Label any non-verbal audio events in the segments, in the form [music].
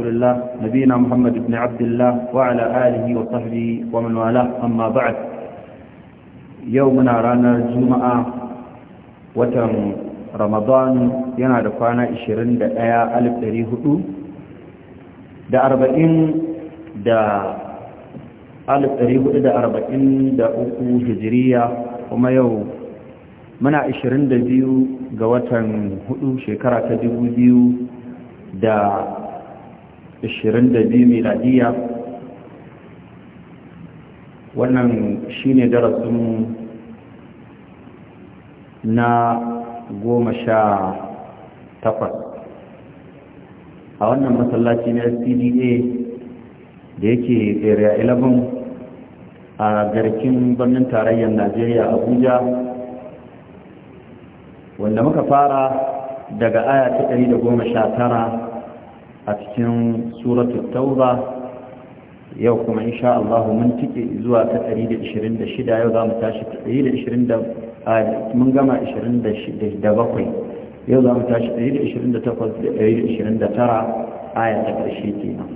رسول الله نبينا محمد بن عبد الله وعلى آله وصحبه ومن والاه أما بعد يومنا رانا الجمعة وتم رمضان ينادقانا إشرين دقايا ألف تريه da arba'in da alif ɗari hudu da arba'in da uku hijiriya kuma yau muna ashirin da biyu ga watan hudu shekara ta dubu biyu da 22 miladiya wannan shine darasin na goma sha takwas a wannan masallaci na cda da yake area 11 a garkin birnin tarayyar najeriya abuja wanda muka fara daga aya ta 119 a cikin suratul tauba yau kuma insha Allah mun tike zuwa ta 126 yau za mu tashi 120 mun gama 27 yau za mu tashi 128 da 129 aya ta ƙarshe kenan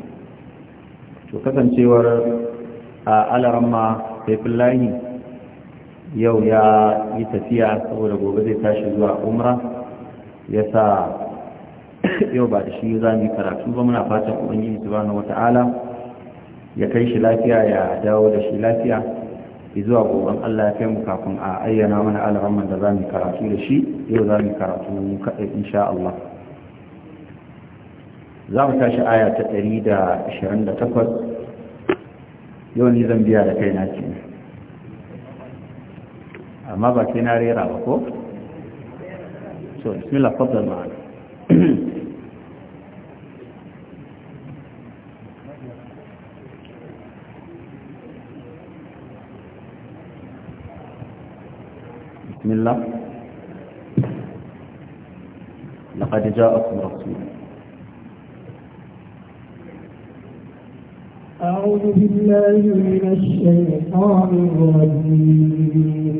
to kasancewar a alarma saifullahi yau ya yi tafiya saboda gobe zai tashi zuwa umra ya sa yau ba da shi za mu yi karatu ba muna fatan ubangiji subhanahu wata'ala ya kai shi lafiya ya dawo da shi lafiya zuwa goben Allah ya kai mu kafin a ayyana mana al'amman da za mu karatu da shi yau za mu karatu mu kaɗai insha Allah za mu tashi aya ta 128 yau ni zan biya da kaina ce amma ba kai na rera ba ko so bismillah fadlan ma'ana [clears throat] الله لقد جاءكم رسول أعوذ بالله من الشيطان الرجيم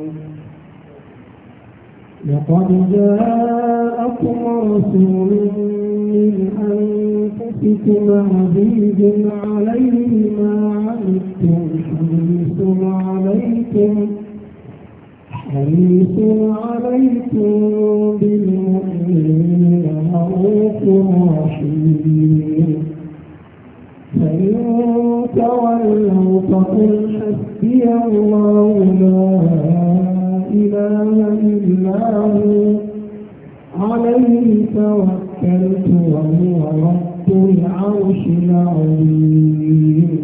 لقد جاءكم رسول من أنفسكم عزيز عليه ما عملتم حديث عليكم حريص عليكم بالمؤمنين رؤوف رحيم فإن تولوا فقل حسبي الله لا إله إلا هو عليه توكلت وهو رب العرش العظيم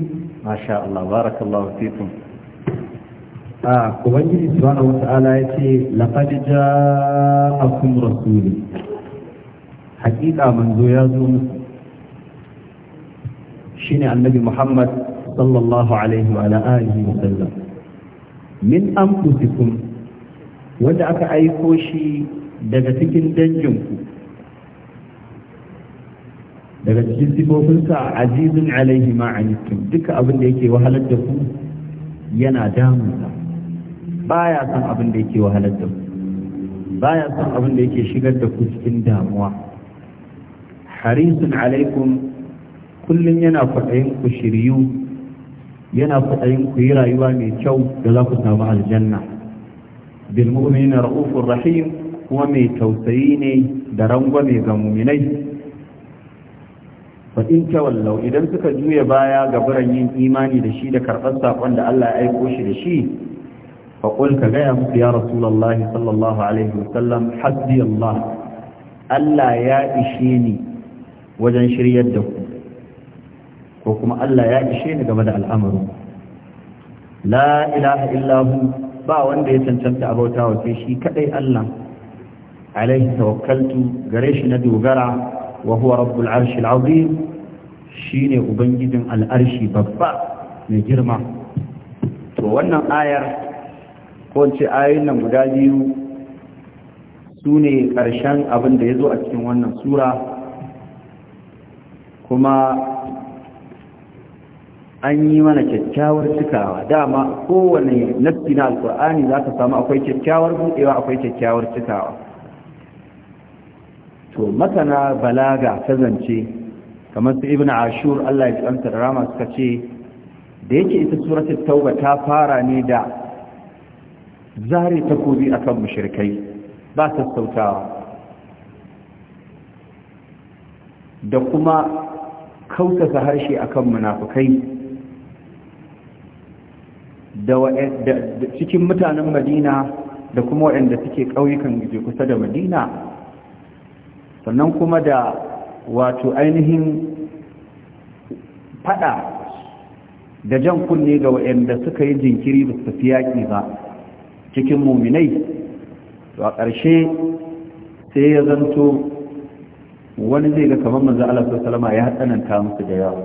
ما شاء الله بارك الله فيكم a ubangiji subhanahu wa ta'ala ya laqad ja'akum rasuli haƙiƙa manzo ya zo muku shine annabi Muhammad sallallahu alaihi wa alihi wa sallam min anfusikum wanda aka aiko shi daga cikin danginku daga cikin sifofinsa azizun alaihi ma'anittum duka abin da yake wahalar da ku yana damunsa baya son abin da yake wahalar da baya son abin da yake shigar da ku cikin damuwa harisun alaikum kullum yana kwaɗayin ku shiryu yana kwaɗayin ku yi rayuwa mai kyau da za ku samu aljanna bil mu'minina ra'ufur rahim kuma mai tausayi ne da rangwame ga muminai fa in tawallau idan suka juya baya ga buran yin imani da shi da karɓar saƙon da Allah ya aiko shi da shi faƙul ka gaya musu ya rasulallahi sallallahu alaihi wasallam hasbi Allah Allah ya ishe ni wajen shiryar da ku ko kuma Allah ya ishe ni game da al'amarin la ilaha illahu ba wanda ya cancanta abauta wa sai shi kadai Allah alaihi tawakkaltu gare shi na dogara wa huwa rabbul arshil azim shine ubangijin al'arshi babba mai girma to wannan ayar ko ce ayoyin nan guda biyu su ne ƙarshen abin da ya zo a cikin wannan sura kuma an yi mana kyakkyawar cikawa dama kowane nafi na alkur'ani za ka samu akwai kyakkyawar buɗewa akwai kyakkyawar cikawa to masana balaga ta zance kamar su ibn ashur allah ya ɗansa da rama suka ce da yake ita suratul tauba ta fara ne da zare takobi akan mashirkai ba sassautawa da kuma kautasa harshe kan munafukai da cikin mutanen madina da kuma waɗanda suke ƙauyukan guje kusa da madina sannan kuma da wato ainihin fada da jan kunne ga waɗanda suka yi jinkiri ba su tafi yaƙi ba cikin muminai to a ƙarshe sai ya zanto wani zai ga kamar manzo Allah wasallam ya tsananta musu da yawa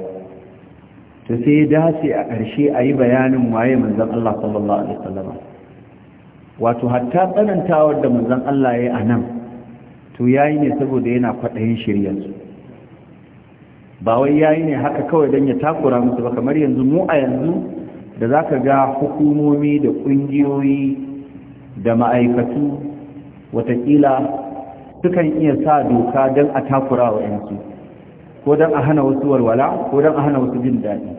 to sai ya dace a ƙarshe a yi bayanin waye manzon Allah sallallahu alaihi wasallam wato hatta tsanantawar da manzon Allah ya yi a nan to yayi ne saboda yana kwaɗayin shiryarsu ba wai yayi ne haka kawai don ya takura musu ba kamar yanzu mu a yanzu da za ka ga hukumomi da ƙungiyoyi da ma'aikatu watakila sukan iya sa doka don a takura wa yanki ko don a hana wasu walwala ko don a hana wasu jin daɗi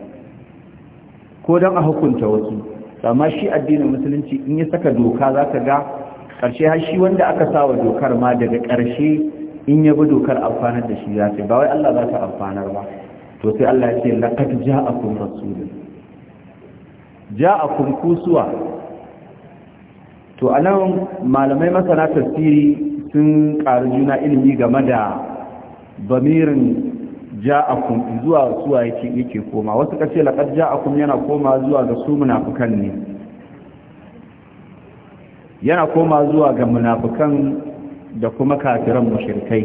ko don a hukunta wasu amma shi addinin musulunci in ya saka doka za ka ga ƙarshe har shi wanda aka sa wa dokar ma daga ƙarshe in ya bi dokar amfanar da shi za ta ba wai Allah za ta amfanar ba to sai Allah ya ce laqad ja'akum rasulun ja'akum kusuwa to a nan malamai masana tasiri sun ƙaru juna ilimi game da bamirin ja'akun zuwa zuwa yake koma wasu kace laqad ja'akun yana koma zuwa ga su munafukan ne yana koma zuwa ga munafukan da kuma kafiran mushrikai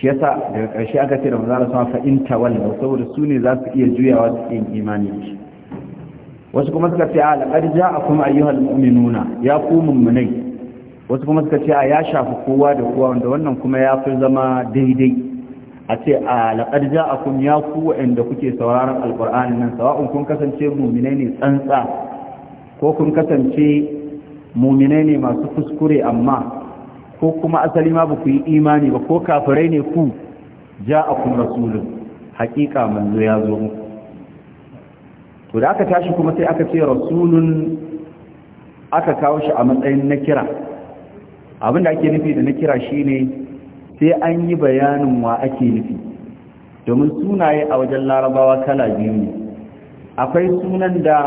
shi yasa daga ƙarshe aka ce da manzo Allah fa fa'inta saboda su ne za su iya juyawa su yin imani wasu kuma suka ce a a kuma ayyuhal mu'minuna ya ku mummunai wasu kuma suka ce a ya shafi kowa da kowa wanda wannan kuma ya fi zama daidai a ce a a kuma ya ku wa'anda kuke sauraron alqur'anin nan sawa'un kun kasance mu'minai ne tsantsa ko kun kasance mu'minai ne masu kuskure amma ko kuma asali ma ba ku yi imani ba ko kafirai ne ku kuma rasulun haƙiƙa manzo ya zo muku to da aka tashi kuma sai aka ce rasulun aka kawo shi a matsayin na kira abinda ake nufi da na kira shi ne, sai an yi bayanin wa ake nufi domin sunaye a wajen larabawa kala biyu ne akwai sunan da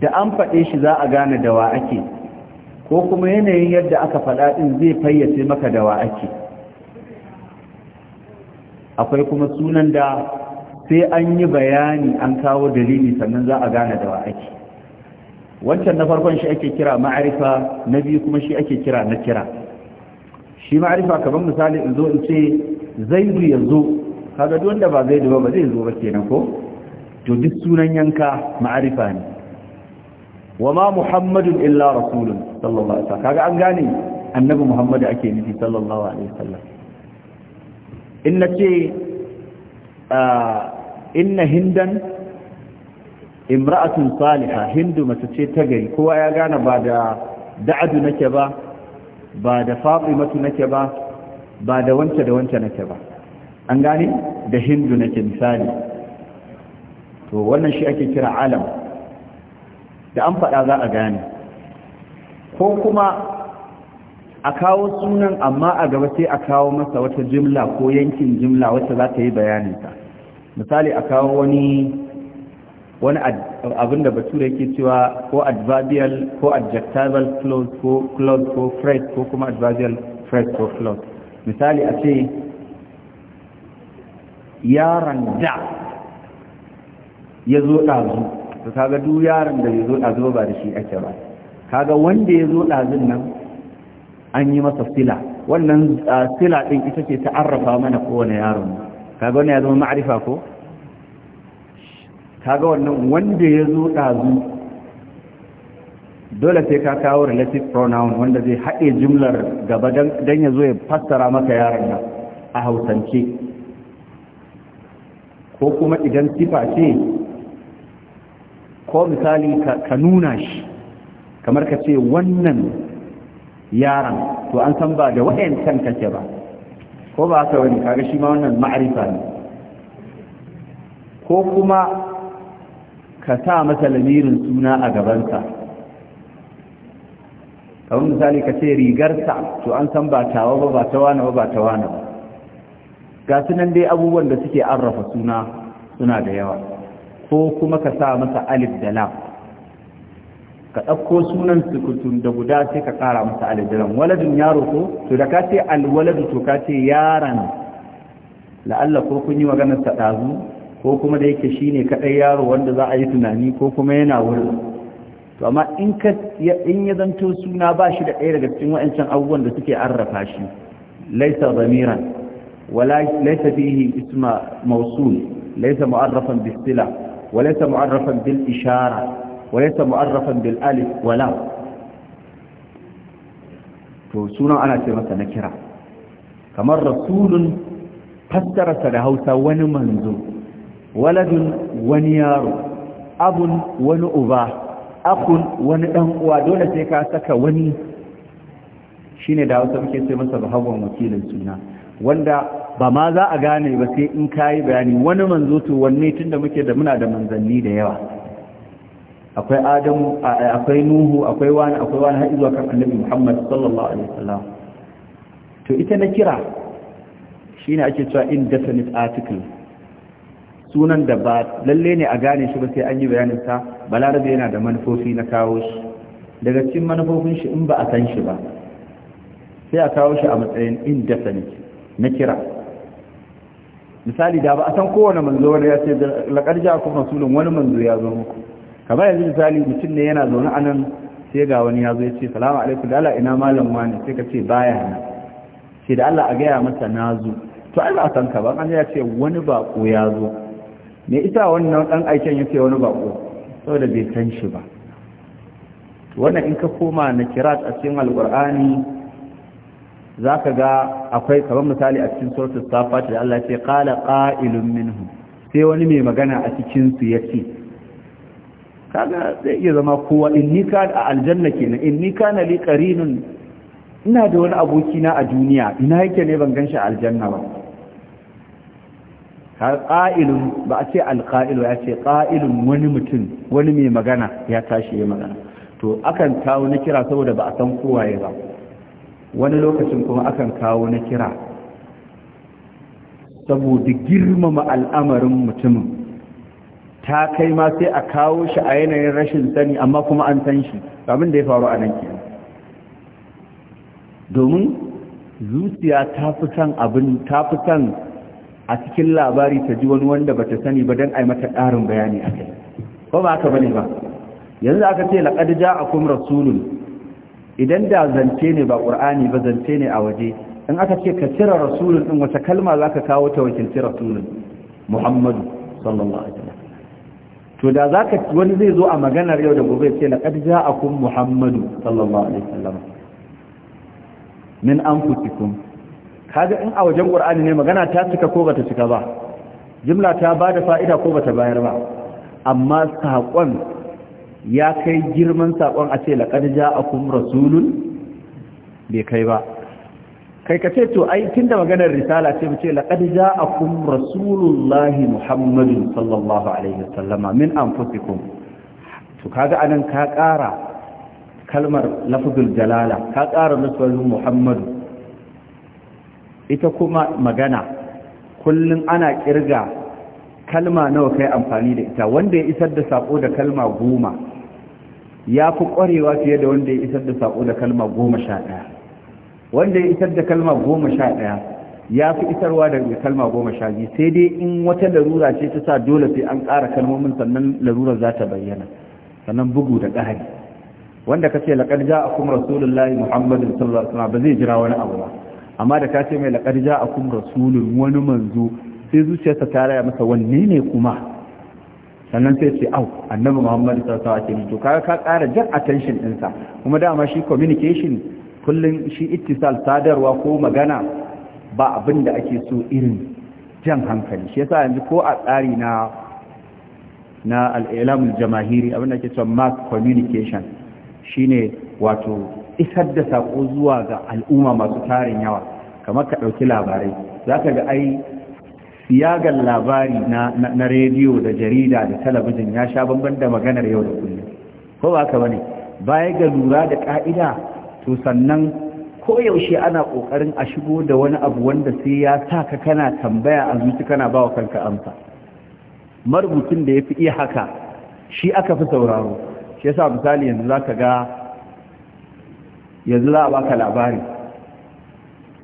da an faɗe shi za a gane da wa ake ko kuma yanayin yadda aka faɗa ɗin zai fayyace maka da wa ake akwai kuma sunan da sai an yi bayani an kawo dalili sannan za a gane da wa ake wancan na farkon shi ake kira ma'arifa na biyu kuma shi ake kira na kira shi ma'arifa kamar misali in zo in ce zaidu ya zo kaga duk wanda ba zaidu ba ba zai zo ba kenan ko to duk sunan yanka ma'arifa ne wa ma muhammadun illa rasulun sallallahu alaihi wasallam kaga an gane annabi muhammad ake nufi sallallahu alaihi wasallam in nace ah, inna hindan imra'atun salihah hindu mace ce ta gari kowa ya gane ba da da'adu nake ba ba da fatimatu nake ba ba da wance da wance nake ba an gane da hindu nake misali to wannan shi ake kira alam da an faɗa za a gane ko kuma a kawo sunan amma a gaba sai a kawo masa wata jimla ko yankin jimla wacce za ta yi bayaninta misali a kawo wani wani abin da bature yake cewa ko adverbial ko adjectival clause ko clause ko phrase ko kuma adverbial phrase ko clause misali a ce yaran da ya zo ɗazu to kaga duk yaran da ya zo ɗazu ba da shi ake ba kaga wanda ya zo ɗazun nan an yi masa sila wannan ah, sila ɗin ita ce ta arrafa mana kowane yaron mu kaga wannan ya zama ma'arifa ko kaga wannan wanda ya zo ɗazu dole sai ka kawo relative pronoun wanda zai haɗe jumlar gaba don ya zo ya fassara maka yaran nan a hausance ko kuma idan sifa ce ko misali ka nuna shi kamar ka ce wannan yaran, to an san ba da waɗancan kake ba ko ba haka wani kaga shi ma wannan ma'arifa ne ko kuma ka sa masa lamirin suna a gabansa kamar misali ka ce rigarsa to an san ba tawa ba ba na ba ba na ba ga dai abubuwan da suke arrafa suna suna da yawa ko kuma ka sa masa alif da lam ka ɗauko sunan sukutun da guda sai ka ƙara masa alijiran waladun yaro ko to da ka ce alwaladu to ka ce yaran la'alla ko kun yi maganar ta ɗazu ko kuma da yake shi ne kaɗai yaro wanda za a yi tunani ko kuma yana wuri? to amma in ka in ya zanto suna ba shi da ɗaya daga cikin wa'ancan abubuwan da suke arrafa shi laisa zamiran wala laisa fihi isma mawsul laisa mu'arrafan bisila wa laisa mu'arrafan bil ishara وليس مؤرفا بالالف ولا to sunan ana ce masa na kira kamar rasulun fassararsa da hausa wani manzo waladun wani yaro abun wani uba akun wani dan uwa dole sai ka saka wani shine da hausa muke ce masa bahagon wakilin suna wanda ba ma za a gane ba sai in yi bayani wani manzo to wanne tunda muke da muna da manzanni da yawa akwai adamu akwai nuhu akwai wani akwai wani har zuwa kan annabi muhammad sallallahu alaihi wasallam to ita na kira shine ake cewa indefinite article sunan da ba lalle ne a gane shi ba sai an yi bayanin sa balarabe yana da manufofi na kawo shi daga cikin manufofin shi in ba a san shi ba sai a kawo shi a matsayin indefinite na kira misali da ba a san kowane manzo wani ya ce laqad ja'akum rasulun wani manzo ya zo muku kamar yanzu misali mutum ne yana zaune a nan sai ga wani ya zo ya ce salamu alaikum da Allah ina malam ne sai ka ce baya ne sai da Allah a gaya masa na zo to ai ba san ka ba an ya ce wani bako ya zo me isa wannan dan aikin yace wani bako saboda bai san shi ba wannan in ka koma na kirat a cikin alqur'ani zaka ga akwai kamar misali a cikin suratul safat da Allah ya ce qala qa'ilun minhum sai wani mai magana a cikin su yace kaga zai iya zama kowa inni ka a aljanna kenan inni kana li qarinun ina da wani aboki na a duniya ina yake ne ban ganshi aljanna ba har ba a ce alqa'ilu ya ce ƙa'ilun wani mutum wani mai magana ya tashi ya magana to akan kawo na kira saboda ba a san kowa ya ba wani lokacin kuma akan kawo na kira saboda girmama al'amarin mutumin ta kai ma sai a kawo shi a yanayin rashin sani amma kuma an san shi abin da ya faru a nan ke domin zuciya ta fi san abin ta fi san a cikin labari ta ji wani wanda bata sani ba don ai mata ƙarin bayani a kai ko ba haka bane ba yanzu aka ce laqad ja'akum rasulun idan da zance ne ba qur'ani ba zance ne a waje in aka ce ka tira rasulun din wata kalma zaka kawo ta wakilci rasulun muhammadu sallallahu alaihi to da za wani zai zo a maganar yau da gobe ce a ja'akum muhammadu sallallahu alaihi wasallam min anfusikum kaga in a wajen ƙur'ani ne magana ta cika ko bata cika ba jimla ta bada fa'ida ko bata bayar ba amma saƙon ya kai girman saƙon a ce a ja'akum rasulun bai kai ba kai ka ce to ai tunda maganar risala ce muce laqad ja'akum rasulullahi muhammadin sallallahu alaihi wasallama min anfusikum to kaga anan ka ƙara kalmar lafzul jalala ka ƙara nasarin ita kuma magana kullun ana kirga kalma nawa kai amfani da ita wanda ya isar da sako da kalma goma ya fi ƙwarewa fiye da wanda ya isar da sako da kalma goma sha ɗaya wanda ya isar da kalma goma sha ɗaya ya fi isarwa da kalma goma sha biyu sai dai in wata larura ce ta sa dole sai an ƙara kalmomin sannan larurar za ta bayyana sannan bugu da ƙari wanda ka ce laƙar ja a kuma rasulullahi muhammadu sallallahu alaihi ba zai jira wani abu ba amma da ka ce mai laƙar ja a kuma rasulun wani manzo sai zuciyarsa ta raya masa wanne ne kuma sannan sai ce au annabi muhammadu sallallahu alaihi wasallam to kaga ka ƙara jan attention ɗinsa kuma dama shi communication kullum shi ittisal sadarwa ko magana ba abin da ake so irin jan hankali shi yasa yanzu ko a tsari na na al'ilamun jamahiri abin da ake cewa mass communication shine wato isar da sako zuwa ga al'umma masu tarin yawa kamar ka ɗauki labarai za ka ga ai siyagar labari na rediyo da jarida da talabijin ya sha bamban da maganar yau da kullum ko ba ka bane baya ga lura da ka'ida to sannan koyaushe ana ƙoƙarin a shigo da wani abu wanda sai ya sa ka kana tambaya a zuci kana ba wa kanka amsa marubucin da ya fi iya haka shi aka fi sauraro shi yasa misali yanzu za ka ga yanzu za a baka labari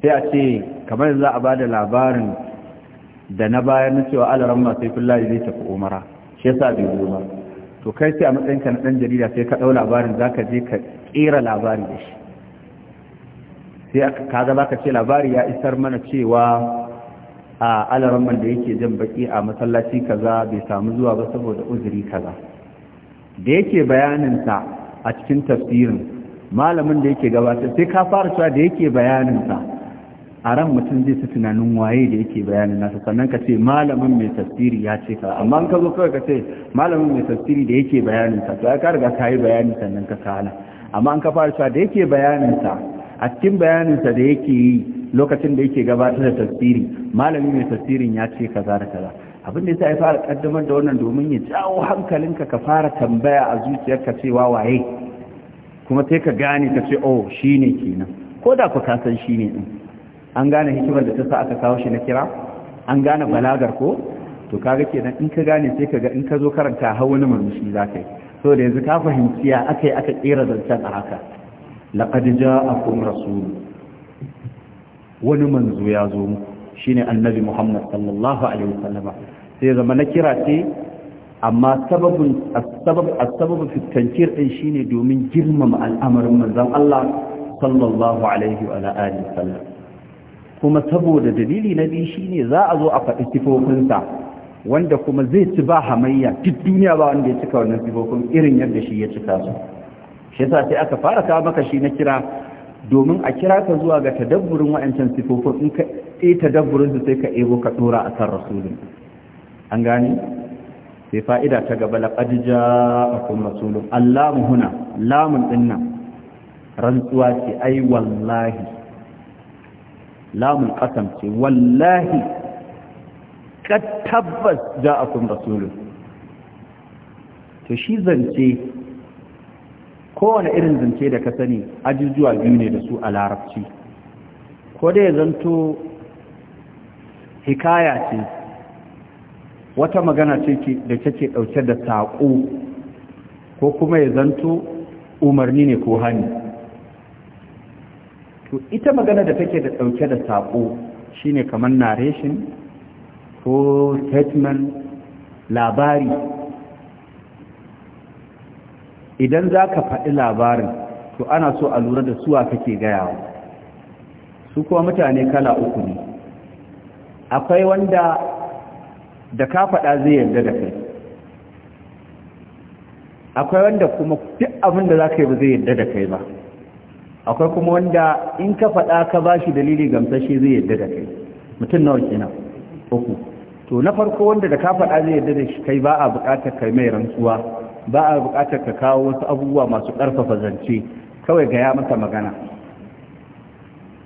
sai a ce kamar yanzu za a ba da labarin da na bayar na cewa alaran masu kullaye zai tafi umara shi yasa bai zo ba to kai sai a matsayinka na ɗan jarida sai ka ɗau labarin za ka je ka ƙera labarin da shi sai kaga za ka ce labari ya isar mana cewa a alaramman da yake jan baki a masallaci kaza bai samu zuwa ba saboda uzuri kaza da yake bayaninsa a cikin tafsirin malamin da yake gabatar sai ka fara cewa da yake bayaninsa a ran mutum zai ta tunanin waye da yake bayanin nasa sannan ka ce malamin mai tafsiri ya ce ka amma ka zo kawai ka ce malamin mai tafsiri da yake bayaninsa to ya ka riga ka yi bayani sannan ka kala amma an ka fara cewa da yake bayaninsa a cikin bayanin sa da yake yi lokacin da yake gabatar da tafsiri malami mai tafsirin ya ce kaza da kaza abin da yasa ya fara kaddamar da wannan domin ya jawo hankalinka ka fara tambaya a zuciyarka cewa waye kuma sai ka gane ka ce oh shine kenan ko da ku kasan shine din an gane hikimar da ta sa aka kawo shi na kira an gane balagar ko to kaga kenan in ka gane sai ka ga in ka zo karanta hawani murmushi za ka yi so da yanzu ka fahimci ya aka aka kera zancen a haka a kun rasul wani manzo ya zo shine annabi Muhammad sallallahu alaihi wasallama sai zama na kira ce amma sababin asbab ɗin fi tankir shine domin girmama al'amarin manzon Allah sallallahu alaihi wa wasallam kuma saboda dalili na biyu shine za a zo a faɗi sifofinsa wanda kuma zai ci ba hamayya duk duniya ba wanda ya cika wannan sifofin irin yadda shi ya cika su shi yasa sai aka fara kawo maka shi na kira domin a kira ka zuwa ga tadabburin wa'ancan sifofin in ka yi tadabburin su sai ka ego ka ɗora a kan rasulun an gane sai fa'ida ta gaba laƙad ja'akum rasulun allamu huna lamun dinna. rantsuwa ce ai wallahi lamun qasam ce wallahi Ka tabbas ja'akum rasulun to shi zance kowane irin zance da ka sani ajujuwa biyu ne da su a larabci ko dai zanto hikaya ce wata magana ce da take dauke da saƙo ko kuma ya zanto umarni ne ko hani to ita magana da take da dauke da saƙo shine kamar narration ko statement labari idan za ka faɗi labarin to ana so a lura da suwa kake gayawa su kuma mutane kala uku ne akwai wanda da ka faɗa zai yarda da kai akwai wanda kuma duk abin da za ka yi ba zai yarda da kai ba akwai kuma wanda in ka faɗa ka ba shi dalili gamsashe zai yarda da kai mutum nawa kenan uku to na farko wanda da ka faɗa zai yarda da shi kai ba a buƙatar kai mai rantsuwa ba a buƙatar ka kawo wasu abubuwa masu ƙarfafa zance kawai gaya mata magana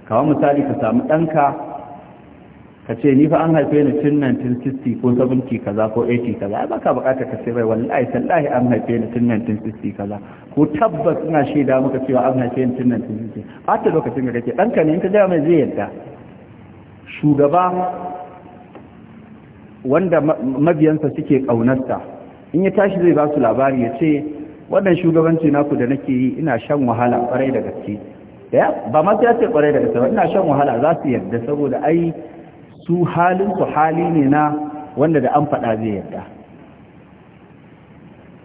kawo misali ka samu ɗanka ka ce ni fa an haife ni tun 1960 ko 70 kaza ko 80 kaza ba ka buƙatar ka ce bai wallahi sallahi an haife ni tun 1960 kaza ko tabbas ina shaida muka cewa an haife ni tun 1960 ba ta lokacin da kake ɗanka ne in ka gaya mai zai yadda. shugaba wanda mabiyansa suke ƙaunarsa in ya tashi zai ba su labari ya ce wannan shugabanci naku da nake yi ina shan wahala kwarai da gaske ba ma sai ce kwarai da gaske ba ina shan wahala za su yadda saboda ai su halin su hali ne na wanda da an faɗa zai yadda.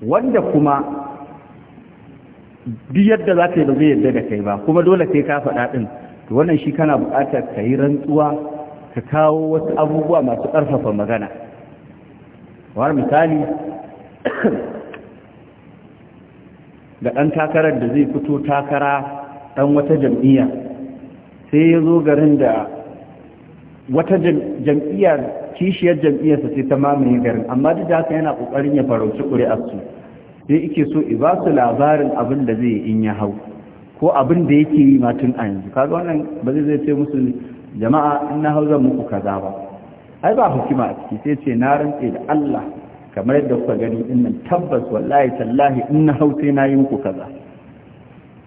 wanda kuma duk yadda za ka yi ba zai yadda da kai ba kuma dole sai ka faɗa ɗin to wannan shi kana buƙatar ka yi rantsuwa ka kawo wasu abubuwa masu karfafa magana war misali [coughs] da ɗan takarar da zai fito takara ɗan wata jam'iyya sai ya zo garin da wata jam'iyya kishiyar jam'iyyarsa sai ta mamaye garin amma duk da haka yana ƙoƙarin ya farauci ƙuri'arsu sai ike so i ba su labarin abin da zai in ya hau ko abin da yake yi matun a yanzu kaga wannan ba zai zai ce musu jama'a in na hau zan muku kaza ba ai ba hukuma a ciki sai ce na rantse da Allah kamar yadda kuka gani inna tabbas wallahi tallahi in na na yi muku kaza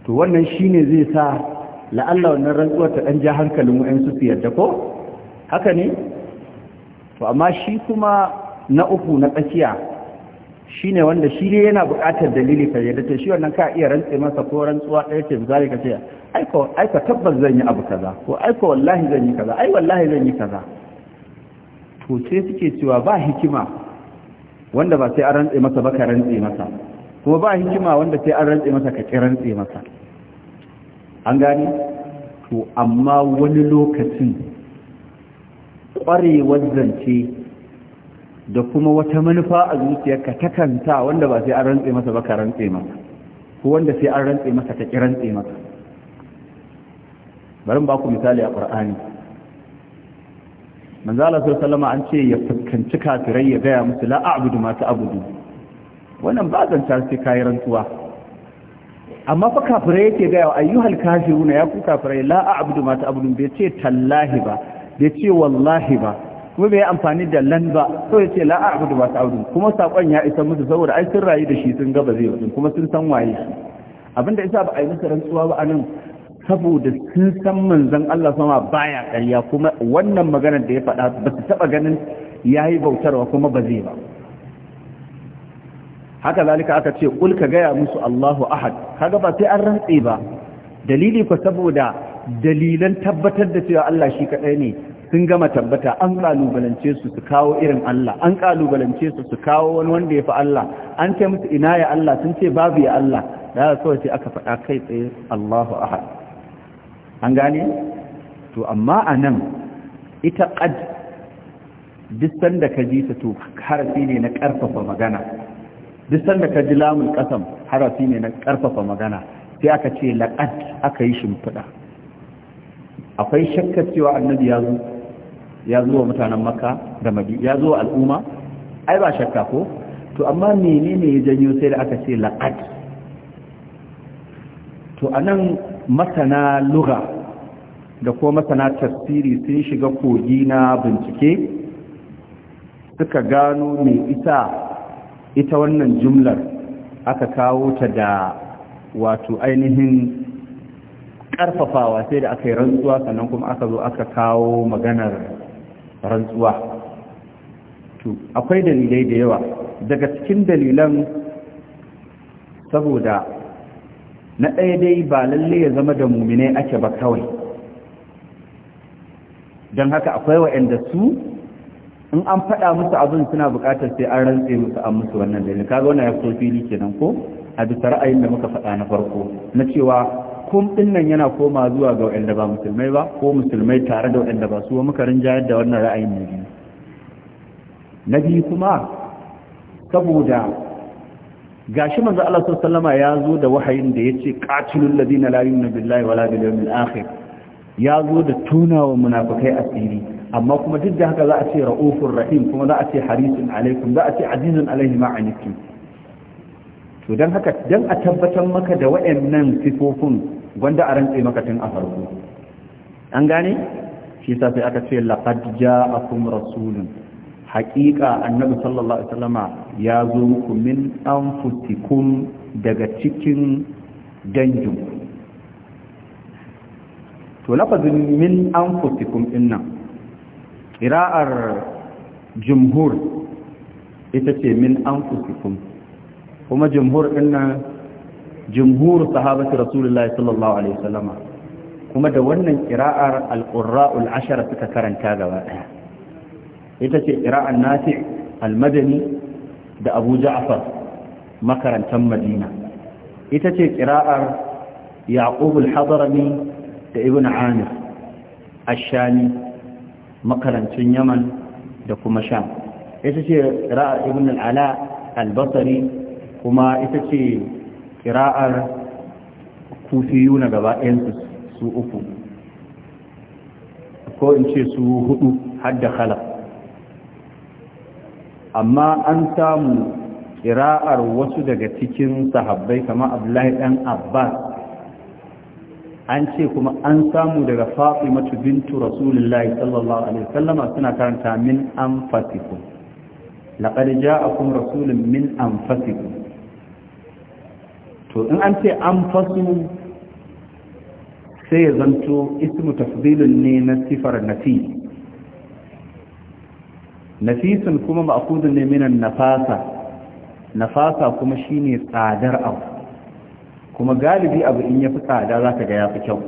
to wannan shine zai sa la'alla wannan rantsuwar ta dan ja hankalin wayansu su yadda ko haka ne to amma shi kuma na uku na tsakiya shine wanda shi ne yana buƙatar dalili ka yadda to shi wannan ka iya rantse masa ko rantsuwa ɗaya ce misali ka ce aiko aiko tabbas zan yi abu kaza ko aiko wallahi zan yi kaza ai wallahi zan yi kaza to sai suke cewa ba hikima wanda ba sai an rantse masa ba ka rantse masa kuma ba hikima wanda sai an rantse masa ka ƙi rantse masa an gani to amma wani lokacin ƙwarewar zance da kuma wata manufa a zuciyarka ta kanta wanda ba sai an rantse masa ba ka rantse masa ko wanda sai an rantse masa ka ƙi rantse masa bari ba ku misali a ƙur'ani manzo Allah sallallahu an ce ya fuskanci kafirai ya gaya musu la a'budu ma ta'budu wannan ba zan ta sai kai rantuwa amma fa kafirai yake gaya wa ayyuhal kafiruna ya ku kafirai la a'budu ma ta'budu bai ce tallahi ba bai ce wallahi ba kuma bai amfani da lan ba so ya ce la a'budu ma ta'budu kuma sakon ya isa musu saboda ai sun rayu da shi sun gaba zai kuma sun san waye shi abinda isa ba a yi musu rantsuwa ba anan saboda sun san manzon Allah sama baya ƙarya kuma wannan maganar da ya faɗa ba su taɓa ganin ya yi bautarwa kuma ba zai ba haka zalika aka ce kul ka gaya musu Allahu ahad kaga ba sai an rantse ba dalili ko saboda dalilan tabbatar da cewa Allah shi kaɗai ne sun gama tabbata an kalubalance su su kawo irin Allah an ƙalubalance su su kawo wani wanda ya fi Allah an ce musu ina ya Allah sun ce babu ya Allah da so sai aka faɗa kai tsaye Allahu ahad an gane to amma a nan ita ƙad distan da ka ji ta to harafi ne na ƙarfafa magana distan da ka ji lamun ƙasam harafi ne na ƙarfafa magana sai aka ce laƙad aka yi shimfiɗa akwai shakka cewa annabi ya zo ya zo wa mutanen maka da madi ya zo wa al'umma ai ba shakka ko to amma menene ya janyo sai da aka ce laƙad to a nan masana lura da kuma masana tasiri sun shiga kogi na bincike suka gano mai isa ita wannan jumlar aka kawo ta da wato ainihin karfafawa sai da aka yi rantsuwa sannan kuma aka zo aka kawo maganar rantsuwa to akwai dalilai da yawa daga cikin dalilan saboda na ɗaya dai ba lalle ya zama da muminai ake ba kawai don haka akwai wa'anda su in an faɗa musu abin suna buƙatar sai an rantse musu an musu wannan dalil kaga wannan ya fito fili kenan ko a bisa ra'ayin da muka faɗa na farko na cewa kum ɗin nan yana koma zuwa ga wa'anda ba musulmai ba ko musulmai tare da wa'anda ba su wa muka rinjayar da wannan ra'ayin na biyu na biyu kuma saboda gashi manzo Allah sallallahu alaihi ya zo da wahayin da yace qatilul ladina la yu'minu billahi wala bil yawmil akhir ya zo da tunawa munafikai asiri amma kuma duk da haka za a ce ra'ufur rahim kuma za a ce harisun alaikum za a ce azizun alaihi ma anikum to dan haka dan a tabbatar maka da wayannan sifofin gwanda a rantsa maka tun a farko an gane shi sai aka ce laqad ja'akum rasulun haƙiƙa annabi sallallahu alaihi wasallama ya zo muku min anfusikum daga cikin danginku to lafazin min an anfusikum innan qira'ar jumhur ita ce min an anfusikum kuma jumhur dinnan jumhur sahabati rasulullahi sallallahu alaihi wasallama kuma da wannan qira'ar al-qurra'ul ashara suka karanta gaba daya ita ce ƙira'an nafi almadani da abu ja'afar makarantar madina ita ce ƙira'ar yaƙubul hadarami da ibn amir ashani makarancin yaman da kuma sham ita ce ƙira'ar ibn al'ala albasari kuma ita ce ƙira'ar kufiyu na gaba ɗayansu su uku ko in ce su hudu hadda khalaf amma an samu ƙira'ar wasu daga cikin sahabbai kama abdullahi ɗan abbas an ce kuma an samu daga fatimatu bintu rasulullahi sallallahu alaihi wasallama suna karanta min an anfasikum laqad ja'akum rasulun min an fasiku. to in an ce an anfasu sai ya zanto ismu tafdilun ne na sifar nafi nafisun kuma ma'akudun ne minan nafasa nafasa kuma shine tsadar abu kuma galibi abu in yafi tsada zaka ga yafi kyau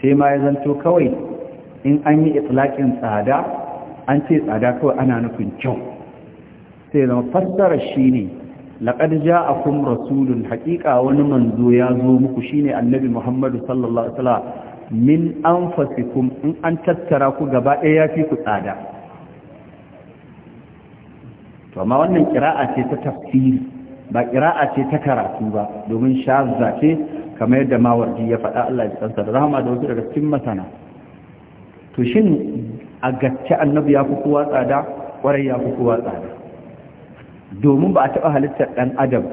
sai ma ya zanto kawai in an yi itlaqin tsada an ce tsada kawai ana nufin kyau sai zama fassara shine a kun rasulun haƙiƙa wani manzo ya zo muku shine annabi Muhammad sallallahu alaihi wasallam min anfasikum in an tattara ku gaba ɗaya yafi ku tsada to amma wannan kira'a ce ta tafsiri ba kira'a ce ta karatu ba domin shazza ce kamar yadda mawardi ya faɗa Allah ya tsansa da rahama da wasu daga cikin masana to shin a gacce annabi ya fi kowa tsada kwarai ya fi kowa tsada domin ba a taɓa halittar ɗan adam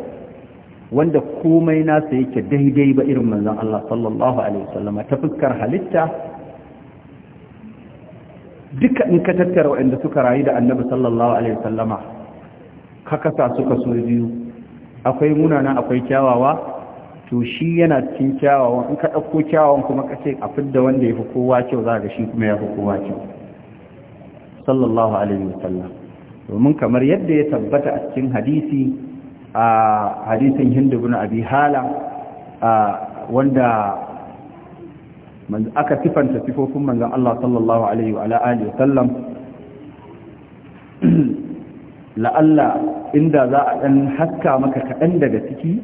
wanda komai nasa yake daidai ba irin manzon Allah sallallahu alaihi wasallama ta fuskar halitta duka in ka tattara waɗanda suka rayu da annabi sallallahu alaihi wasallama kakasa suka so biyu akwai munana akwai kyawawa to shi yana cikin kyawawan in ka ɗauko kyawawan kuma ka ce a fidda wanda ya fi kowa kyau za ga shi kuma ya fi kowa kyau sallallahu alaihi wasallam domin kamar yadda ya tabbata a cikin hadisi a hadisin hindu bin abi hala wanda aka sifanta sifofin manzon Allah sallallahu alaihi wa alihi sallam [clears throat] la'alla inda za a ɗan haska maka kaɗan daga ciki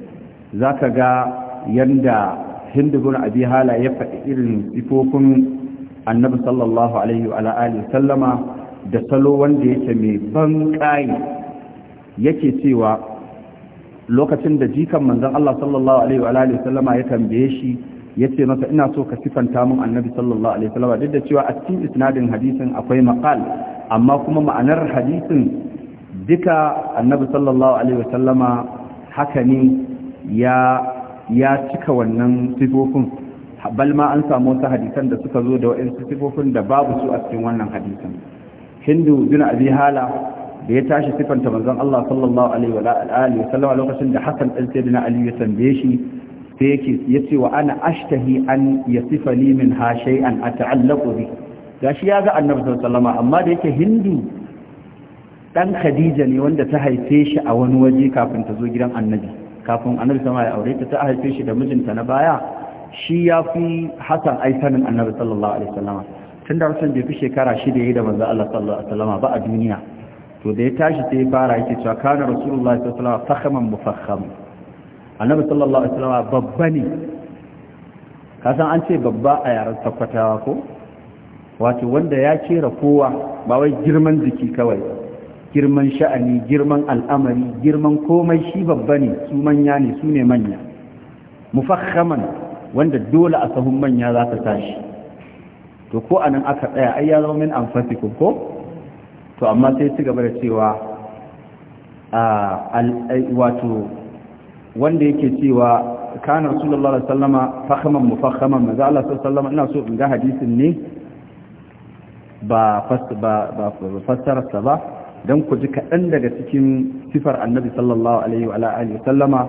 za ka ga yadda hindu hindubun abi hala ya faɗi irin sifofin annabi sallallahu alaihi wa alihi sallama da salo wanda yake mai ban ƙayi yake cewa lokacin da jikan manzon Allah sallallahu alaihi wa alihi sallama ya tambaye shi ya ce masa ina so ka sifanta min annabi sallallahu alaihi wa sallama duk da cewa a cikin isnadin hadisin akwai maqal amma kuma ma'anar hadisin duka annabi sallallahu alaihi wasallama haka ne ya ya cika wannan sifofin balma an samu wasu hadisan da suka zo da waɗansu sifofin da babu su a cikin wannan hadisan hindu bin abi hala da ya tashi sifanta manzon Allah sallallahu alaihi wa alihi wa sallama lokacin da Hassan dan Sayyidina Ali ya tambaye shi sai yake yace wa ana ashtahi an yasifa li min ha shay'an ata'allaqu bi gashi ya ga annabi sallallahu alaihi amma da yake hindu dan khadija ne wanda ta haife shi a wani waje kafin ta zo gidan annabi kafin annabi sama ya aure ta ta haife shi da mijinta na baya shi ya fi hasan aisanin annabi sallallahu alaihi wasallama tun da hasan bai fi shekara shida yayi da manzo Allah sallallahu alaihi wasallama ba a duniya to da ya tashi sai fara yake cewa kana rasulullahi sallallahu alaihi wasallama fakhaman mufakham annabi sallallahu alaihi wasallama babba ne ka san an ce babba a yaren sakwatawa ko wato wanda ya kera kowa ba wai girman jiki kawai girman sha'ani girman al'amari girman komai shi babba ne su manya ne su ne manya mufakhaman wanda dole a sahun manya za ta tashi to ko anan aka tsaya ai ya zama min anfasikum ko to amma sai su gaba da cewa wato wanda yake cewa kana rasulullahi sallallahu alaihi wasallama fakhaman mufakhaman maza Allah sallallahu alaihi wasallama ina so in ga hadisin ne ba fassararsa ba don ku ji kaɗan daga cikin sifar annabi sallallahu alaihi wa alaihi sallama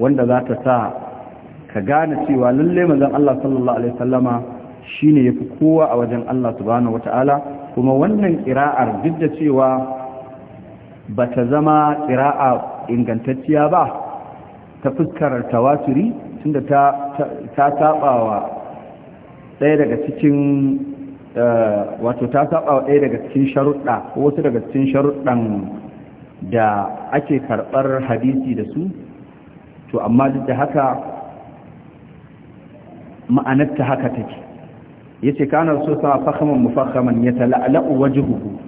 wanda za ta sa ka gane cewa lalle manzon Allah sallallahu alaihi sallama shine yafi kowa a wajen Allah subhanahu wataala kuma wannan ƙira'ar duk da cewa bata zama kira'a ingantacciya ba ta fuskar tawaturi tunda ta ta wa. ɗaya daga cikin Eh, wato ta saba wa ɗaya daga cikin sharuɗa ko wasu daga cikin sharuɗan da ake karɓar hadisi da su to amma duk da haka ma'anarta haka take yace kana so sa Ya mufakhaman yatala'la'u wajhuhu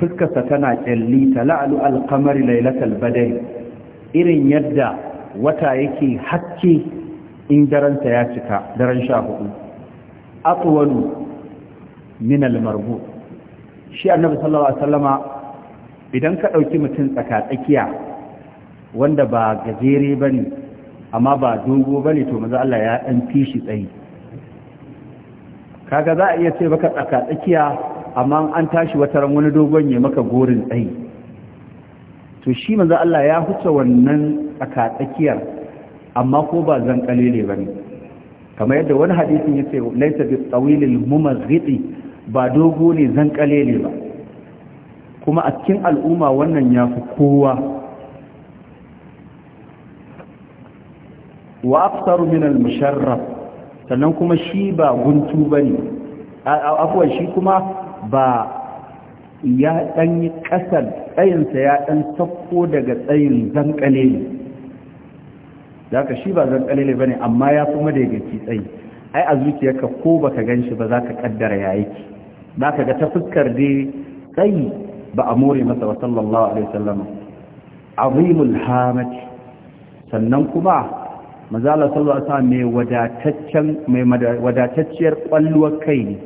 fuskarsa tana ƙyalli, talaalu alkamari qamari lailatal irin yadda wata yake hakke in daransa ya cika daren sha huɗu. atwalu min al-marbu shi annabi sallallahu alaihi wasallama idan ka dauki mutum tsakatsakiya, wanda ba gajere bane amma ba dogo bane to manzo Allah ya dan fishi tsayi kaga za a iya ce baka tsakatsakiya, amma an tashi wata ran wani dogon ya maka gorin tsayi to shi manzo Allah ya huce wannan tsakatsakiyar, amma ko ba zan kalile bane kamar yadda wani hadisin yace laysa bi tawilil mumaghiti ba dogo ne zankale ne ba kuma a cikin al'umma wannan ya fi kowa wa afsaru min al-musharraf sannan kuma shi ba guntu bane afwan shi kuma ba ya dan yi kasar tsayinsa ya dan sakko daga tsayin zankale ne Za ka shi ba zankale ne bane amma ya fi madaigaci tsayi ai a zuciyarka ko baka ganshi ba za ka kaddara ya yake za ka ga ta fuskar dai tsayi ba a more masa wa sallallahu alaihi wasallam azimul hamati sannan kuma mazala sallallahu alaihi wasallam mai wadataccen mai wadatacciyar kwalluwar kai ne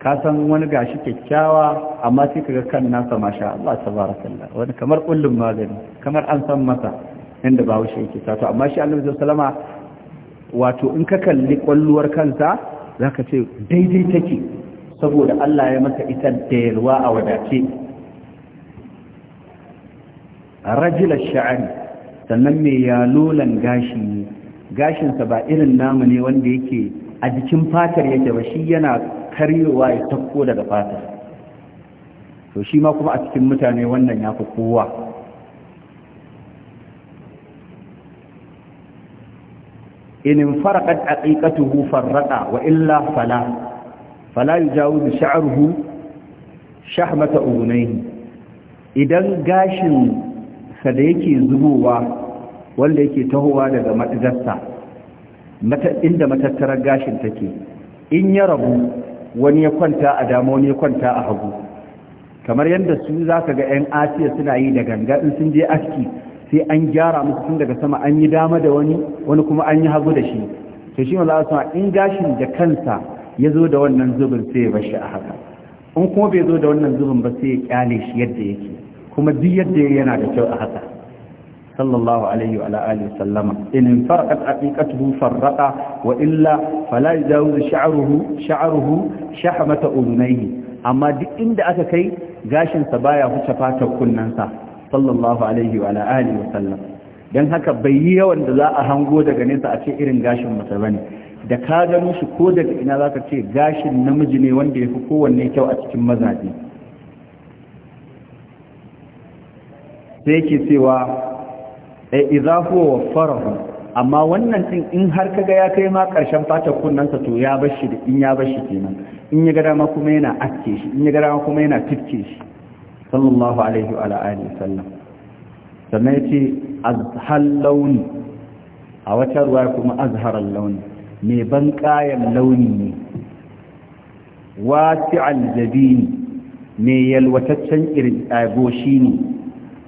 ka san wani gashi kyakkyawa amma sai kaga kan nasa masha Allah tabarakallah wani kamar kullum magani kamar an san masa inda ba wuce yake sato amma shi Annabi sallallahu alaihi wasallam wato in ka kalli kwalluwar kansa zaka ce daidai take saboda Allah ya masa ita da yalwa a wadace rajilar sha'ari sannan mai yalolan gashi ne gashinsa ba irin namu ne wanda yake a jikin fatar yake ba shi yana karyowa ya tafko daga fatar to shi ma kuma a cikin mutane wannan ya fi kowa in farakat aqiqatuhu farraqa wa illa fala fala yujawizu sha'ruhu shahmata udunayhi idan gashin sa da yake zubowa wanda yake tahowa daga madigarsa inda matattarar gashin take in ya rabu wani ya kwanta a dama wani ya kwanta a hagu kamar yadda su za ka ga 'yan asiya suna yi da ganga in sun je aski sai an gyara musu tun daga sama an yi dama da wani wani kuma an yi hagu da shi to shi maza in gashin da kansa ya zo da wannan zubin sai ya bashi a haka in kuma bai zo da wannan zubin ba sai ya kyale shi yadda yake kuma duk yadda yana da kyau a haka sallallahu alaihi wa alihi sallama in farqat aqiqatuhu farqa wa illa fala yajuzu sha'ruhu sha'ruhu shahmata udunayhi amma duk inda aka kai gashin sa baya huce fatar kunnansa sallallahu alaihi wa alihi sallam dan haka bai yi yawan da za a hango daga nesa a ce irin gashin mutum bane da ka gano shi ko daga ina za ka ce gashin namiji ne wanda ya fi kowanne kyau a cikin mazaje sai ke cewa eh, a izafuwa wa farahu amma wannan din in har kaga ya kai ma karshen fatar kunnansa to ya bashi da in ya bashi kenan in ya ga dama kuma yana aske shi in ya ga dama kuma yana tifke shi sallallahu alaihi wa alihi sallam sannan yace azhal launi a wata ruwa kuma azhar launi mai ban ƙayan launi ne wasi ne mai yalwataccen goshi ne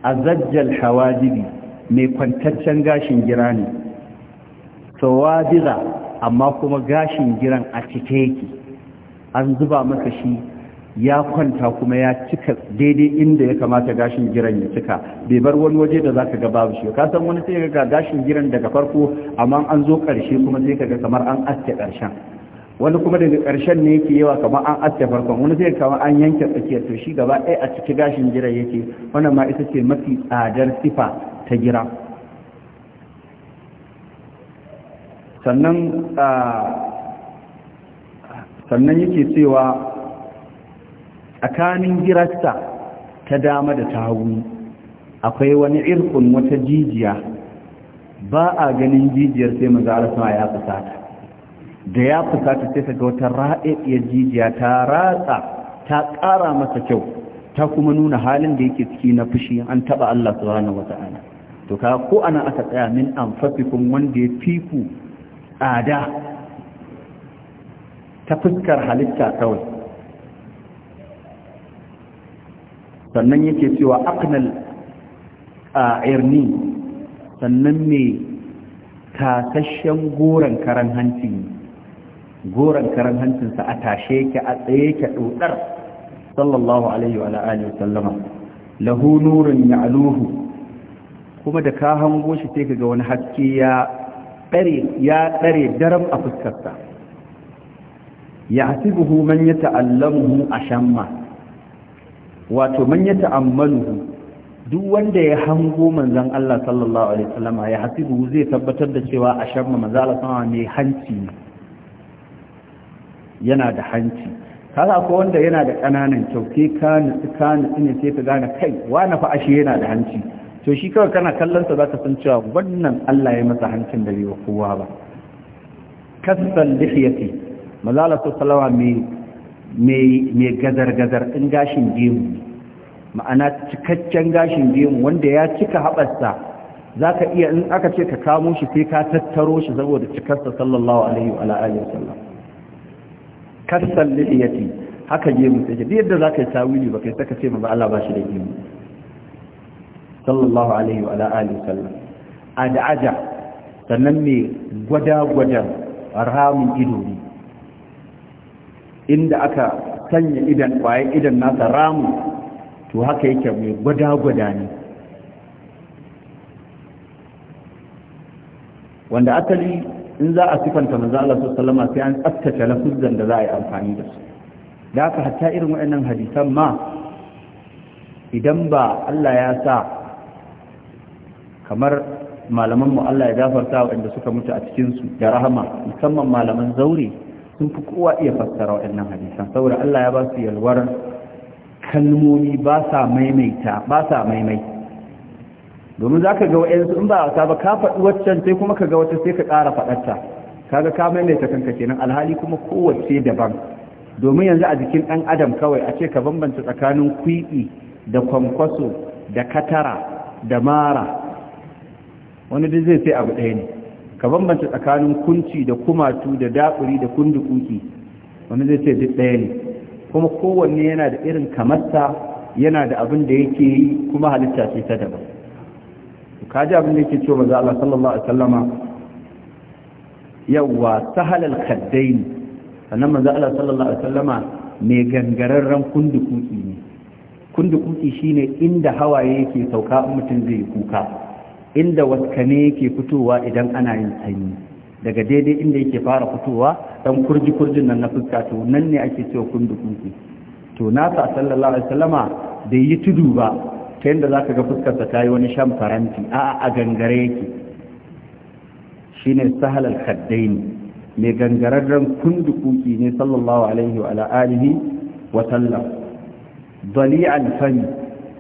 a zajjal hawajibi mai kwantaccen gashin gira ne sawabiza amma kuma gashin giran a cike yake an zuba maka shi ya kwanta kuma ya cika daidai inda ya kamata gashin giran ya cika bai bar wani waje da zaka ga babu shi ka san wani sai ga gashin giran daga farko amma an zo karshe kuma sai kaga kamar an aske karshen wani kuma daga karshen ne yake yawa kamar an aske farkon wani sai kamar an yanke tsakiyar to shi gaba ɗaya a ciki gashin giran yake wannan ma ita ce mafi tsadar sifa ta gira sannan ah, sannan yake cewa tsakanin girarsa ta dama da ta hagu akwai wani irkun wata jijiya ba a ganin jijiyar sai maza'ar sama ya fusata da ya fusata sai ta wata ra'ayyar jijiya ta ratsa ta ƙara masa kyau ta kuma nuna halin da yake ciki na fushi an taɓa Allah wata ana to ka ko ana aka tsaya min anfasikun wanda ya fiku tsada ta fuskar halitta kawai sannan yake cewa aqnal irni sannan ne tasashen goran karan hanci goran karan hancinsa a tashe yake a tsaye yake dodar sallallahu alaihi wa alihi wa sallama lahu nurun ya'luhu kuma da ka hango shi sai kaga wani haske ya dare ya dare daram a fuskarsa ya'tibuhu man yata'allamuhu ashamma wato man ya ta'ammalu duk wanda ya hango manzon Allah sallallahu alaihi wasallam ya hasibu zai tabbatar da cewa a sharma Allah sama mai hanci yana da hanci kaza ko wanda yana da kananan kyauke ka nutsi ka ne sai ka gane kai wa fa ashe yana da hanci to shi kawai kana kallon sa zaka san cewa wannan Allah ya masa hancin da bai kowa ba kasal lihiyati manzon Allah sallallahu alaihi mai gazar-gazar ɗin gashin gemu ma'ana cikakken gashin gemu wanda ya cika haɓarsa za ka iya in aka ce ka kamo shi sai ka tattaro shi saboda cikarsa sallallahu alaihi wa alaihi wasallam kassan liliyati haka gemu sai duk yadda za ka yi tawili ba kai saka ce ma ba Allah ba shi da gemu sallallahu alaihi wa alaihi wasallam ad'aja sannan mai gwada-gwada ramin ido ne inda aka sanya idan idon idan nasa ramu to haka yake mai gwada-gwada ne wanda asali in za a sifanta manzo Allah sallallahu alaihi sai an tsaftace lafuzan da za a yi amfani da su da haka hatta irin waɗannan hadisan ma idan ba Allah ya sa kamar malaman mu Allah ya gafarta waɗanda suka mutu a cikin su da rahama musamman malaman zaure sun fi kowa iya fassara waɗannan hadisan saboda Allah ya ba su yalwar kalmomi ba sa maimaita ba sa maimai domin za ka ga wayansu in ba wata ba ka faɗi waccan sai kuma ka ga wata sai ka ƙara faɗarta kaga ka maimaita kanka kenan alhali kuma kowace daban domin yanzu a jikin ɗan adam kawai a ce ka bambanta tsakanin kwiɓi da kwankwaso da katara da mara wani duk zai sai abu ɗaya ne ka bambanta tsakanin kunci da kumatu da daƙuri da kundukuki wani zai ce duk ɗaya ne kuma kowanne yana da irin kamarsa yana da abin da yake yi kuma halitta ce ta daban ka ji abin da yake cewa maza Allah sallallahu alaihi wasallama yawa kaddai khaddain sannan maza Allah sallallahu alaihi sallama mai gangararren kundukuki ne kundukuki shine inda hawaye yake sauka mutum zai kuka inda waskane yake fitowa idan ana yin sanyi daga daidai inda yake fara fitowa dan kurji kurjin nan na fuska to nan ne ake cewa kundukunku to na nasa sallallahu alaihi wasallama bai yi tudu ba ta yadda zaka ga fuskarsa ta yi wani shan faranti a a gangare yake shine sahal al-khaddain mai gangararren kundukuki ne sallallahu alaihi wa alihi wa sallam dali'an fani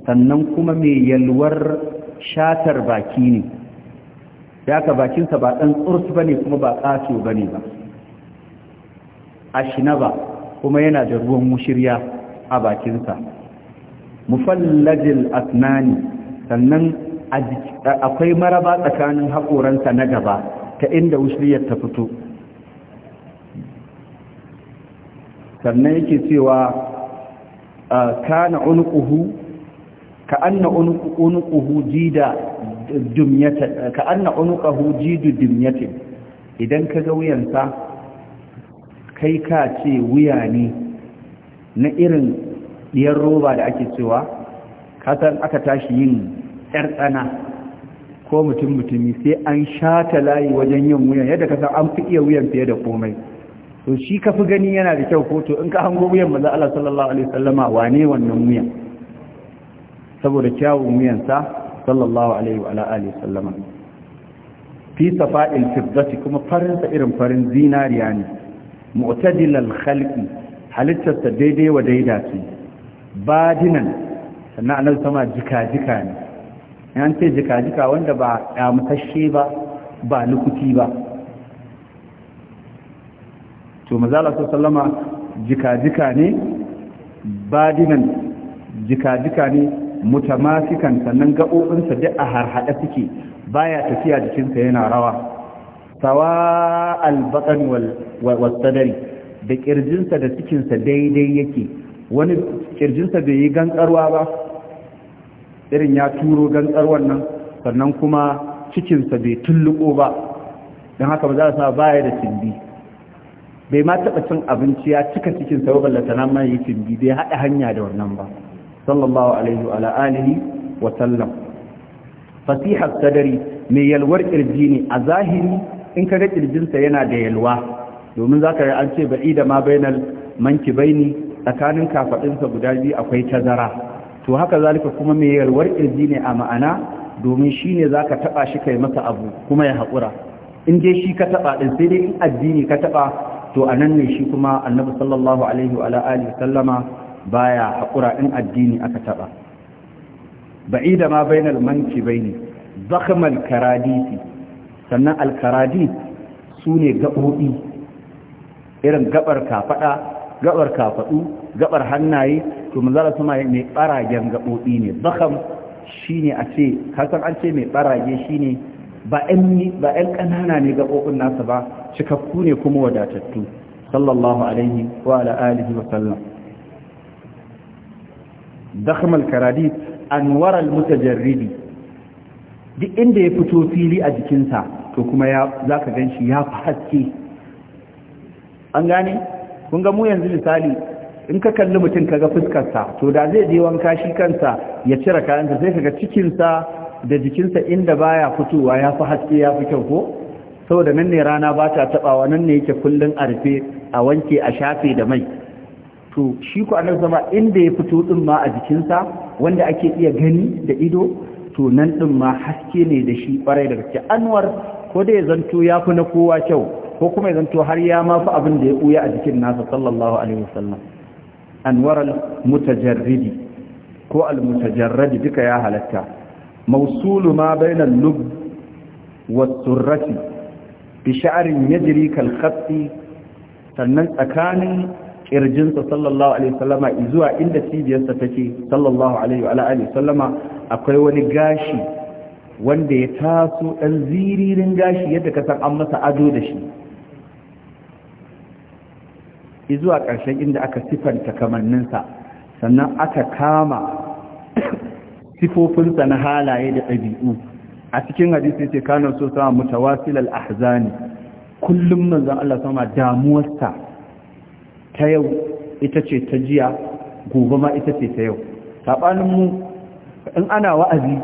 sannan kuma mai yalwar shatar baki ne ya ka bakinsa ba ɗan tsurs ba ne kuma ba ƙato ba ne ba ashina ba kuma yana da ruwan mushirya a bakinsa mufallajil asnani sannan akwai maraba tsakanin haƙoransa na gaba ta inda mushiryar ta fito sannan yake cewa ah, kana unuquhu ka anna unuquhu dumyata jidu idan ka ga wuyansa kai ka ce wuya ne na irin diyar roba da ake cewa kasan aka tashi yin yar tsana ko mutum mutumi sai an shata layi wajen yin wuyan yadda ka san an fi iya wuyan fiye da komai to shi ka fi gani yana da kyau ko to in ka hango wuyan maza Allah sallallahu alaihi wasallama wane wannan wuyan saboda kyawun miyansa, sallallahu alaihi wa alihi sallama fi safa'il firdati kuma farin sa irin farin zinariya ne mu'tadil al khalqi halittarsa daidai wa daida ce badinan sannan anan sama jika jika ne an ce jika jika wanda ba mutashe ba ba lukuti ba to mazala sallama jika jika ne badinan jika jika ne mutamasikan sannan gaɓoɓinsa duk a harhaɗa suke baya tafiya jikinsa yana rawa sawa albaɗan wasadari da ƙirjinsa da cikinsa daidai yake wani ƙirjinsa bai yi gantsarwa ba irin ya turo gantsarwan nan sannan kuma cikinsa bai tulluko ba don haka ba za a sa baya da cindi bai ma taɓa cin abinci ya cika cikinsa ba ballata nan mai yi bai haɗa hanya da wannan ba sallallahu alaihi wa sallam fasiha sadari mai yalwar ƙirji ne a zahiri in ka ga kirjinsa yana da yalwa domin zaka ga an ce ba'i da ma bainal manki baini tsakanin kafaɗinsa guda biyu akwai tazara to haka zalika kuma mai yalwar kirji ne a ma'ana domin shine zaka taba shi yi masa abu kuma ya haƙura in je shi ka taba din sai dai in addini ka taba to anan ne shi kuma annabi sallallahu alaihi wa alihi baya haƙura in addini aka taɓa ba'i da ma bainal manci ne zakmal karadisi sannan alkaradi su ne gaɓoɓi irin gaɓar kafaɗa gaɓar kafaɗu gaɓar hannaye to manzala sama mai ɓaragen gaɓoɓi ne zakam shi ne a ce kasan an ce mai ɓarage shi ne ba 'yan ƙanana ne gaɓoɓin nasa ba cikakku ne kuma wadatattu sallallahu alaihi wa ala alihi wa sallam dakhmal karadi anwar almutajarridi duk inda ya fito fili a jikinsa to kuma ya zaka ganshi ya haske an gane kun ga mu yanzu misali in ka kalli mutum ka ga fuskarsa to da zai je wanka shi kansa ya cire kayansa sai kaga cikinsa da jikinsa inda baya fitowa ya fi haske ya fi kyau ko saboda nan ne rana ba ta tabawa nan ne yake kullun a rufe a wanke a shafe da mai to shi ku annabi in inda ya fito din ma a jikinsa wanda ake iya gani da ido to nan din ma haske ne da shi kwarai da gaske anwar ko da ya zanto ya fi na kowa kyau ko kuma ya zanto har ya ma fi abin da ya buya a jikin nasa sallallahu alaihi wasallam anwar mutajarridi ko al-mutajarradi duka ya halatta Mausulu ma baina al-lub wa surrati bi sha'rin yajri kal khatti sannan tsakanin kirjinsa sallallahu alaihi wasallama zuwa inda cibiyarsa take sallallahu alaihi wa sallama akwai wani gashi wanda ya taso dan ziririn gashi yadda ka san an masa ado da shi zuwa ƙarshen inda aka sifanta kamanninsa sannan aka kama sifofinsa na halaye da ɗabi'u a cikin hadisi ce kanar so sama mutawasil al-ahzani kullum manzon Allah sama damuwarsa ta yau ita ce ta jiya gobe ma ita ce ta yau saɓanin mu in ana wa'azi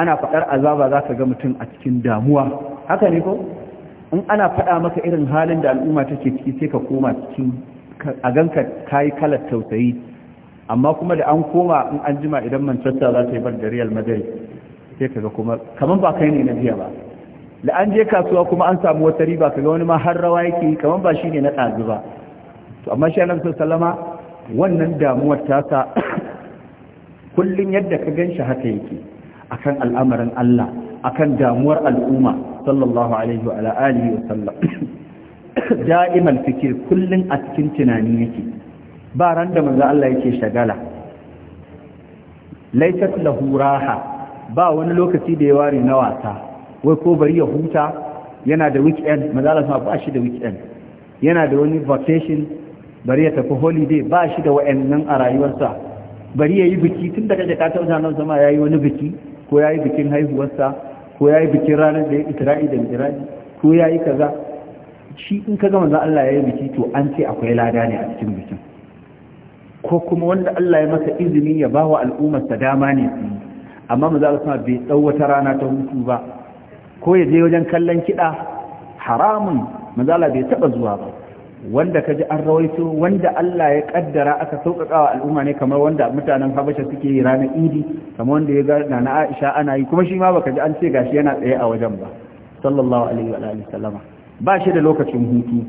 ana faɗar azaba za ka ga mutum a cikin damuwa haka ne ko in ana faɗa maka irin halin da al'umma take ciki sai ka koma cikin a ganka yi kalar tausayi amma kuma da an koma in an jima idan manchester za ta yi bar da real madrid sai kaga kuma kamar ba kai ne na biya ba da an je kasuwa kuma an samu wata riba ga wani ma har rawa yake kamar ba shi ne na ɗazu ba to amma shi annabi sallama wannan damuwar tasa [coughs] kullun yadda ka ganshi haka yake akan al'amarin Allah akan damuwar al'umma sallallahu alaihi wa alihi wa sallam [coughs] da'iman fikir kullun a cikin tunani yake ba ran da manzo Allah yake shagala laysat lahu raha ba wani lokaci da ya ware na wasa wai ko bari ya huta yana da weekend manzo Allah ba shi da weekend yana da wani vacation bari ya tafi holiday ba shi da wa'annan a rayuwarsa bari ya yi biki tun daga jakata wajen zama ya yi wani biki ko ya yi bikin haihuwarsa ko ya yi bikin ranar da ya isra'i da isra'i ko ya yi kaza shi in ka gama za Allah ya yi biki to an ce akwai lada ne a cikin bikin ko kuma wanda Allah ya masa izini ya ba wa al'ummarsa dama ne su amma su ma bai dau wata rana ta hutu ba ko ya je wajen kallon kiɗa haramun mazala bai taɓa zuwa ba wanda kaji an rawaito wanda Allah ya kaddara aka sauƙaƙa wa al'umma ne kamar wanda mutanen Habasha suke yi ranar Idi kamar wanda ya ga na Aisha ana yi kuma shi ma baka ji an ce gashi yana tsaye a wajen ba sallallahu alaihi wa alihi sallama ba shi da lokacin hutu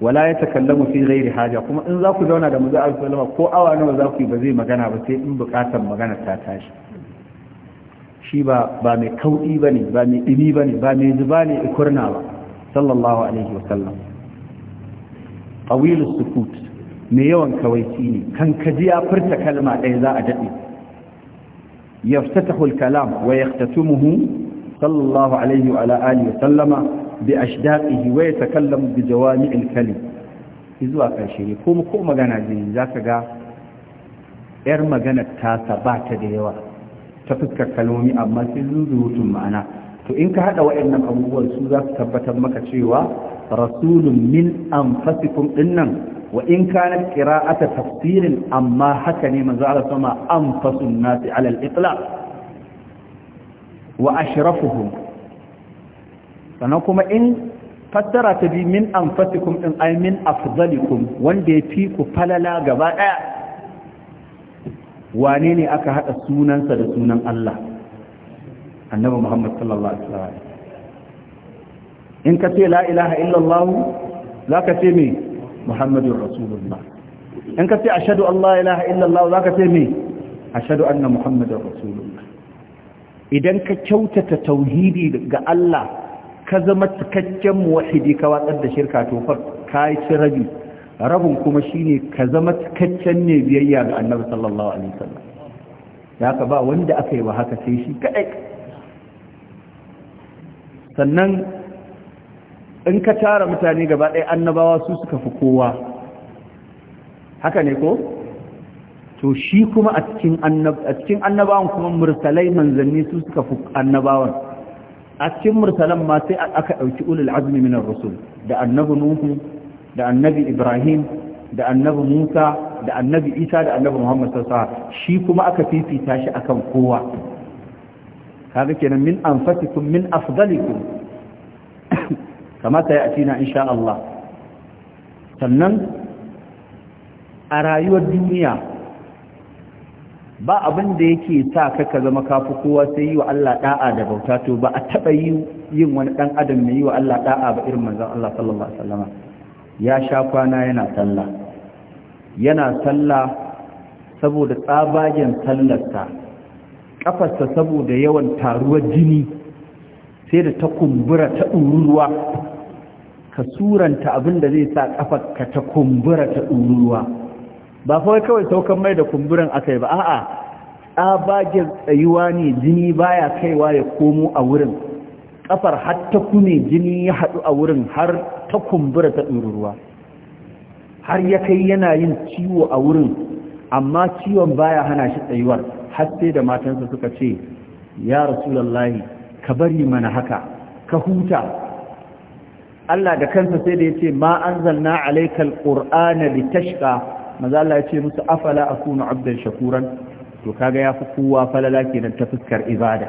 wala ya takallamu fi ghairi haja kuma in za ku zauna da manzo Allah sallama ko awa nawa za ku yi ba zai magana ba sai in buƙatar magana ta tashi shi ba ba mai kauɗi bane ba mai ɗimi bane ba mai zuba ne ikurna ba sallallahu alaihi wa sallam tawilus sukut mai yawan kawaici ne kan kaji ya furta kalma ɗaya za a daɗe yaftatahu ta kalam wa yahtatumuhu sallallahu alaihi wa ala wa sallama bi ashdaqihi wa yatakallamu bi jawami' al-kalim zuwa karshe ne ko ko magana ne zaka ga yar magana ta ba ta da yawa ta fuskar kalmomi amma sai zuzurutun ma'ana to in ka haɗa waɗannan abubuwan su za su tabbatar maka cewa rasulun min anfasikum dinnan wa in kanat qira'ata tafsirin amma haka ne manzo Allah sama anfasun nasi ala al wa ashrafuhum sannan kuma in fassara ta bi min anfasikum din ay min afdalikum wanda ya fi ku falala gaba daya wane ne aka hada sunansa da sunan Allah annabi Muhammad sallallahu alaihi wasallam in ka ce la'ilaha ilaha illallah za ka ce mai muhammadun rasulullah in ka ce ashadu allah ilaha illallah za ka ce me ashadu anna muhammadun rasulullah idan ka kyautata tauhidi ga Allah ka zama cikakken muwahidi ka watsar da shirka tofar ka yi ci rabi rabin kuma shi ne ka zama cikakken ne biyayya ga Annabi sallallahu alaihi sallam, ya ka ba wanda aka yi wa haka sai shi kaɗai sannan in ka tara mutane gaba ɗaya annabawa su suka fi kowa haka ne ko to shi kuma a cikin annabawan kuma mursalai manzanni su suka fi annabawan a cikin mursalan ma sai aka ɗauki ulul azmi minar rusul da annabi nuhu da annabi ibrahim da annabi musa da annabi isa da annabi muhammad sassa shi kuma aka fifita shi akan kowa kaga kenan min anfasikum min afdalikum kama sai a cina insha Allah sannan a rayuwar duniya ba abin da yake sa ka zama kafi kowa sai yi wa Allah da'a da bauta to ba a taɓa yin wani ɗan adam mai yi wa Allah da'a ba irin manzon Allah sallallahu alaihi wasallam ya sha kwana yana sallah yana sallah saboda tsabagen sallarsa ƙafarsa saboda yawan taruwar jini sai da ta kumbura ta ɗururuwa ka suranta abin da zai sa ka ta kumbura ta ɗuruwa ba kawai kawai saukan mai da kumburan yi ba a'a tsabagen tsayuwa ne jini baya kaiwa ya komo a wurin kafar har ta kume jini ya haɗu a wurin har ta kumbura ta ɗuruwa har ya kai yana yin ciwo a wurin amma ciwon baya hana shi tsayuwar har sai da matansa suka ce ya rasulallahi ka bari mana haka ka huta Allah da kansa sai da yace ma alaikal alaykal da tashka, maza Allah yace musu afala akunu abdan shakuran to kaga yafi kowa falala kenan ta fuskar ibada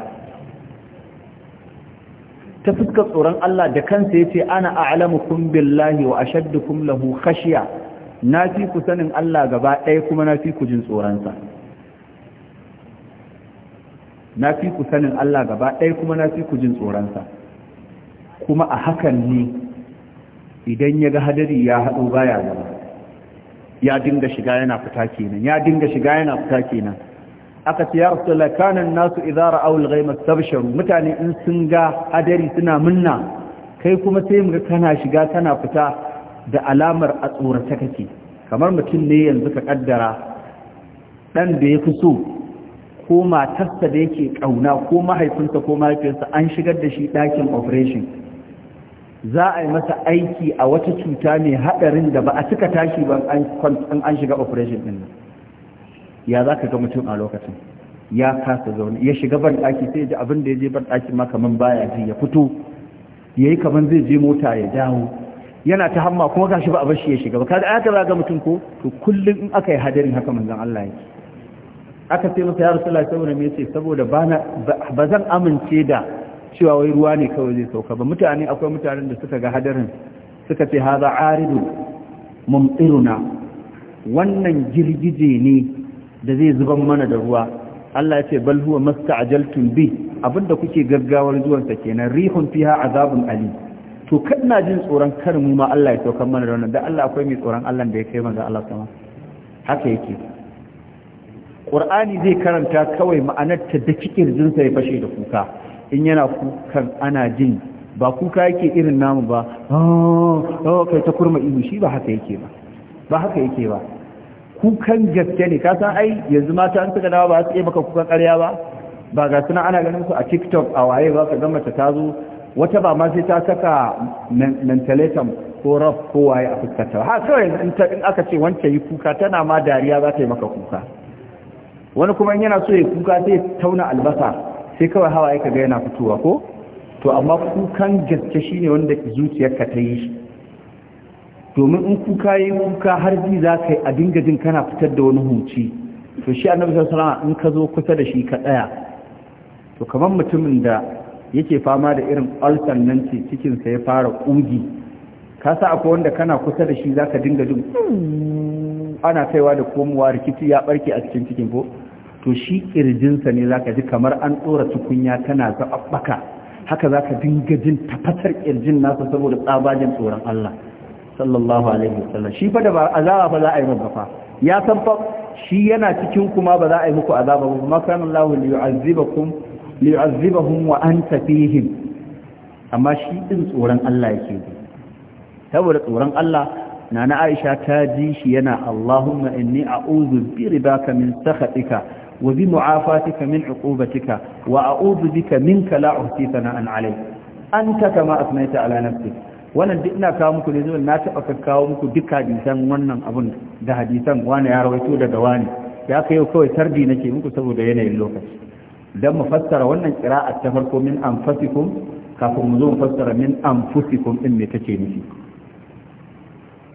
ta fuskar tsoron Allah da kansa yace ana a'lamukum billahi wa ashaddukum lahu khashya na fi ku sanin Allah gaba ɗaya kuma na fi ku jin tsoronsa na fi ku sanin Allah gaba ɗaya kuma na fi ku jin tsoronsa kuma a hakan ne idan ya ga hadari ya haɗo baya zama ya dinga shiga yana fita kenan ya dinga shiga yana fita kenan aka ce ya rasulullah kana nasu idara awul al tabsharu mutane in sun ga hadari suna munna kai kuma sai mu ga kana shiga kana fita da alamar a tsorata kake kamar mutum ne yanzu ka kaddara dan da ya fi so ko matarsa da yake kauna ko mahaifinsa ko mahaifiyarsa an shigar da shi ɗakin operation za a yi masa aiki a wata cuta mai haɗarin da ba a cika tashi ba in an shiga operation din nan ya za ka ga mutum a lokacin ya kasa zaune ya shiga ban ɗaki sai ji abin da ya je ban ɗaki ma kamar baya ji ya fito ya yi kamar zai je mota ya dawo yana ta hamma kuma gashi ba a bar shi ya shiga ba kaga aka za ga mutum ko to kullum in aka yi hadarin haka manzon Allah yake aka ce masa ya rasulullahi saboda me yace saboda bana ba zan amince da cewa wai ruwa ne kawai zai sauka ba mutane akwai mutanen da suka ga hadarin suka ce haza aridu mumtiruna wannan girgije ne da zai zuban mana da ruwa Allah ya ce bal huwa masta'jaltum bi abinda kuke gaggawar zuwansa kenan rihun fiha azabun ali to kana jin tsoron kar mu ma Allah ya sauka mana da wannan da Allah akwai mai tsoron Allah da ya kai manzo Allah sama haka yake Qur'ani zai karanta kawai ma'anar ta da cikin jinsa ya fashe da kuka in yana kukan ana jin ba kuka yake irin namu ba oh kai ta kurma ihu shi ba haka yake ba ba haka yake ba kukan gaske ne ka san ai yanzu mata an suka dawa ba su iya maka kukan ƙarya ba ba ga suna ana ganin su a tiktok a waye ba ka gama ta tazo wata ba ma sai ta saka mentalitam ko raf ko waye a fuskarta ha kawai in aka ce wancan yi kuka tana ma dariya za ta yi maka kuka wani kuma in yana so ya kuka sai tauna albasa sai kawai hawa ya ga yana fitowa ko to amma kukan gaske shi ne wanda zuciyarka ta yi shi domin in kuka yi kuka har ji za ka yi a dinga jin kana fitar da wani huci to shi annabi sallallahu alaihi in ka zo kusa da shi ka tsaya to kamar mutumin da yake fama da irin ulcer nan ce cikin sa ya fara kugi ka sa akwai wanda kana kusa da shi zaka dinga jin hmm, ana kaiwa da komowa rikici ya barke a cikin cikin ko to shi kirjinsa ne za ka ji kamar an ɗora tukunya tana zaɓaɓɓaka haka za ka dinga jin tafasar kirjin nasa saboda tsabajin tsoron Allah sallallahu alaihi wasallam shi fa da ba azaba fa za a yi maka fa ya san fa shi yana cikin kuma ba za a yi muku azaba ba kuma kana Allah li yu'azzibakum li yu'azzibahum wa anta fihim amma shi din tsoron Allah yake saboda tsoron Allah na na aisha ta ji shi yana allahumma inni a'udhu bi ridaka min sakhatika wa bi mu'afatika min uqubatika wa a'udhu bika minka la uhsi sana'an alayk anta kama asnaita ala wannan duk ina kawo muku ne zuwa na taɓa kawo muku duk hadisan wannan abun da hadisan wani ya rawaito daga wani ya kai kawai tardi nake muku saboda yanayin lokaci dan mu fassara wannan qira'a ta farko min anfasikum kafin mu zo mu fassara min anfusikum din me take nufi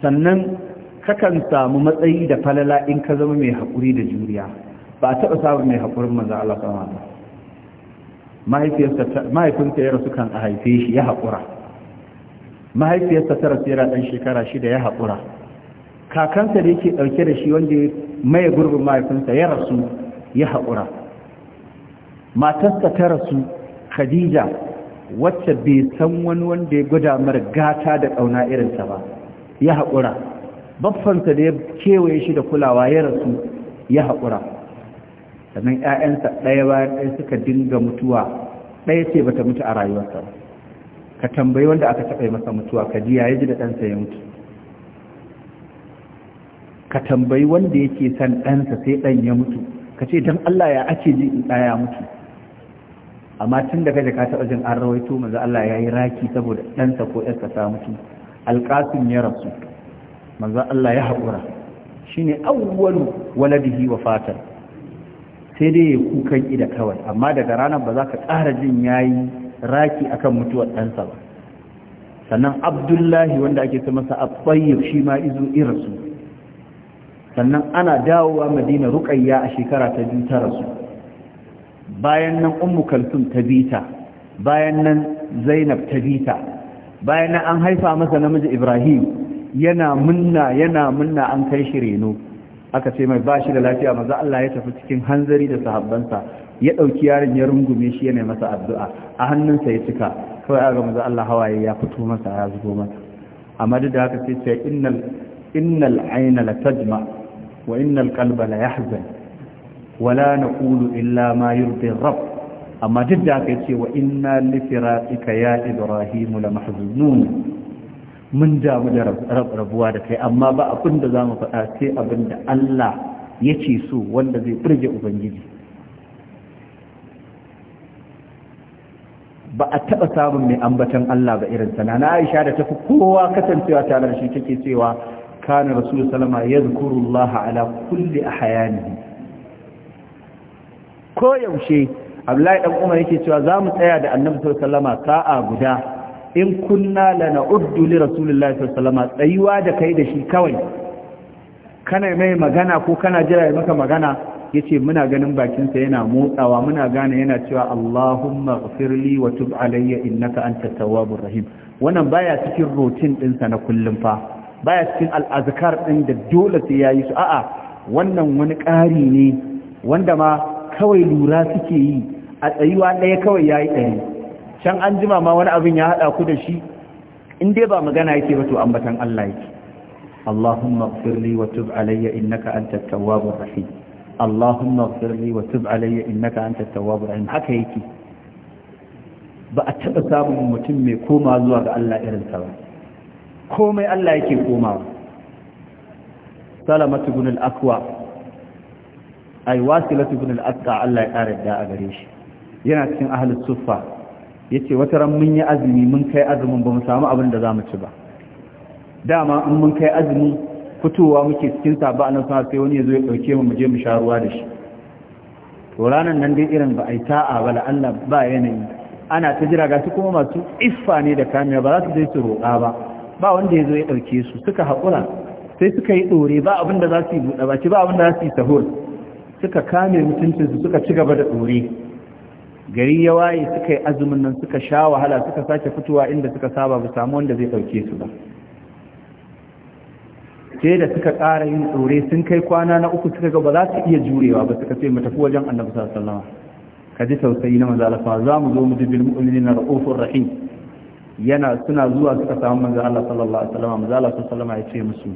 sannan kakan samu matsayi da falala in ka zama mai haƙuri da juriya ba a taɓa samun mai haƙurin manzan Allah sama ba mahaifinsa ya rasu kan a haife shi ya haƙura mahaifiyarsa ta rasu yana ɗan shekara shida ya haƙura kakansa da yake ɗauke da shi wanda ya maye gurbin mahaifinsa ya rasu ya haƙura matarsa ta rasu khadija wacce bai san wani wanda ya gwada mara gata da ƙauna irinsa ba ya haƙura baffansa da ya kewaye shi da kulawa ya rasu ya haƙura sannan 'ya'yansa ɗaya bayan ɗaya suka dinga mutuwa ɗaya ce bata mutu a rayuwarsa ba ka tambayi wanda aka taɓa masa mutuwa ka ji yayi ji da ɗansa ya mutu ka tambayi wanda yake san ɗansa sai ɗan ya mutu ka ce don Allah ya ake ji in ɗaya mutu amma tun da kaje ka taɓa jin an rawaito manzo Allah ya yi raki saboda ɗansa ko ƴarsa ta mutu Alƙasin ya rasu manzo Allah ya haƙura shine awwalu waladihi fatar. sai dai ya kukan ida kawai amma daga ranar ba za ka ƙara jin ya yi raki akan mutuwar ɗansa ba sannan abdullahi wanda ake ta masa abbayyar shi ma izu irasu sannan ana dawowa madina ruƙayya a shekara ta biyu ta rasu bayan nan ummu kalsum ta bita bayan nan zainab ta bita bayan nan an haifa masa namiji ibrahim yana munna yana munna an kai shi reno aka ce mai bashi da lafiya maza Allah ya tafi cikin hanzari da sahabbansa ya ɗauki yarin ya rungume shi yana masa addu'a a hannunsa ya cika kawai aga maza Allah hawaye ya fito masa ya zubo masa amma duk da haka sai ce innal la tajma wa innal kalba la yahzan wala naqulu illa ma yurdi rabb amma duk da haka yace wa inna li firaqika ya ibrahim la mahzunun mun damu da rabuwa da kai amma ba abin da za mu faɗa sai abin da Allah ya ce so wanda zai ɓirge Ubangiji ba a taɓa samun mai ambatan Allah ba irin sana na Aisha da tafi kowa kasancewa tare da shi take cewa kana Rasulullah salama ya zukurullaha ala kulli ahyanihi ko yaushe Abdullahi dan Umar yake cewa za mu tsaya da Annabi sallallahu alaihi wasallama sa'a guda in kunna uddu li rasulillahi sallallahu alaihi tsayuwa da kai da shi kawai kana mai magana ko kana jira ya maka magana yace muna ganin bakinsa yana motsawa muna gane yana cewa Allahumma ighfirli wa tub alayya innaka antat tawwabur rahim wannan baya cikin routine dinsa na kullum fa baya cikin al'azkar din da dole sai yayi su a'a wannan wani ƙari ne wanda ma kawai lura suke yi a tsayuwa ɗaya kawai yayi ɗari can an jima ma wani abin ya haɗa ku da shi in dai ba magana yake ba to ambatan Allah yake Allahumma ighfirli wa tub alayya innaka antat tawwabur rahim Allahumma ighfirli wa tub alayya innaka antat tawwabur rahim haka yake ba a taɓa samun mutum mai koma zuwa ga Allah irin sa ba komai Allah yake komawa Salamatu ibn al-Aqwa ai wasilatu ibn al Allah ya kare da a gare shi yana cikin ahlus suffa Ya ce wata ran mun yi azumi mun kai azumin ba mu samu abin da za mu ci ba dama in mun kai azumi fitowa muke cikin saba a nan sai wani ya zo ya ɗauke mu je mu sha ruwa da shi to ranar nan dai irin ba a yi ta'a ba Allah ba yanayi ana ta jira gashi kuma masu iffa ne da kamiya ba za su je su roƙa ba ba wanda ya zo ya ɗauke su suka haƙura sai suka yi ɗore ba abin da za su yi buɗe baki ba abin da za su yi sahur suka kame mutuncinsu suka ci gaba da ɗore gari ya waye suka yi azumin nan suka sha wahala suka sake fitowa inda suka saba ba samu wanda zai ɗauke su ba sai da suka ƙara yin tsore sun kai kwana na uku suka ga ba za su iya jurewa ba suka ce mu tafi wajen annabi sallallahu alaihi wasallam ka ji tausayi na manzo Allah za mu zo mu dubil mu'minina raufur rahim yana suna zuwa suka samu manzo Allah sallallahu alaihi wasallam manzo Allah sallallahu alaihi wasallam ya ce musu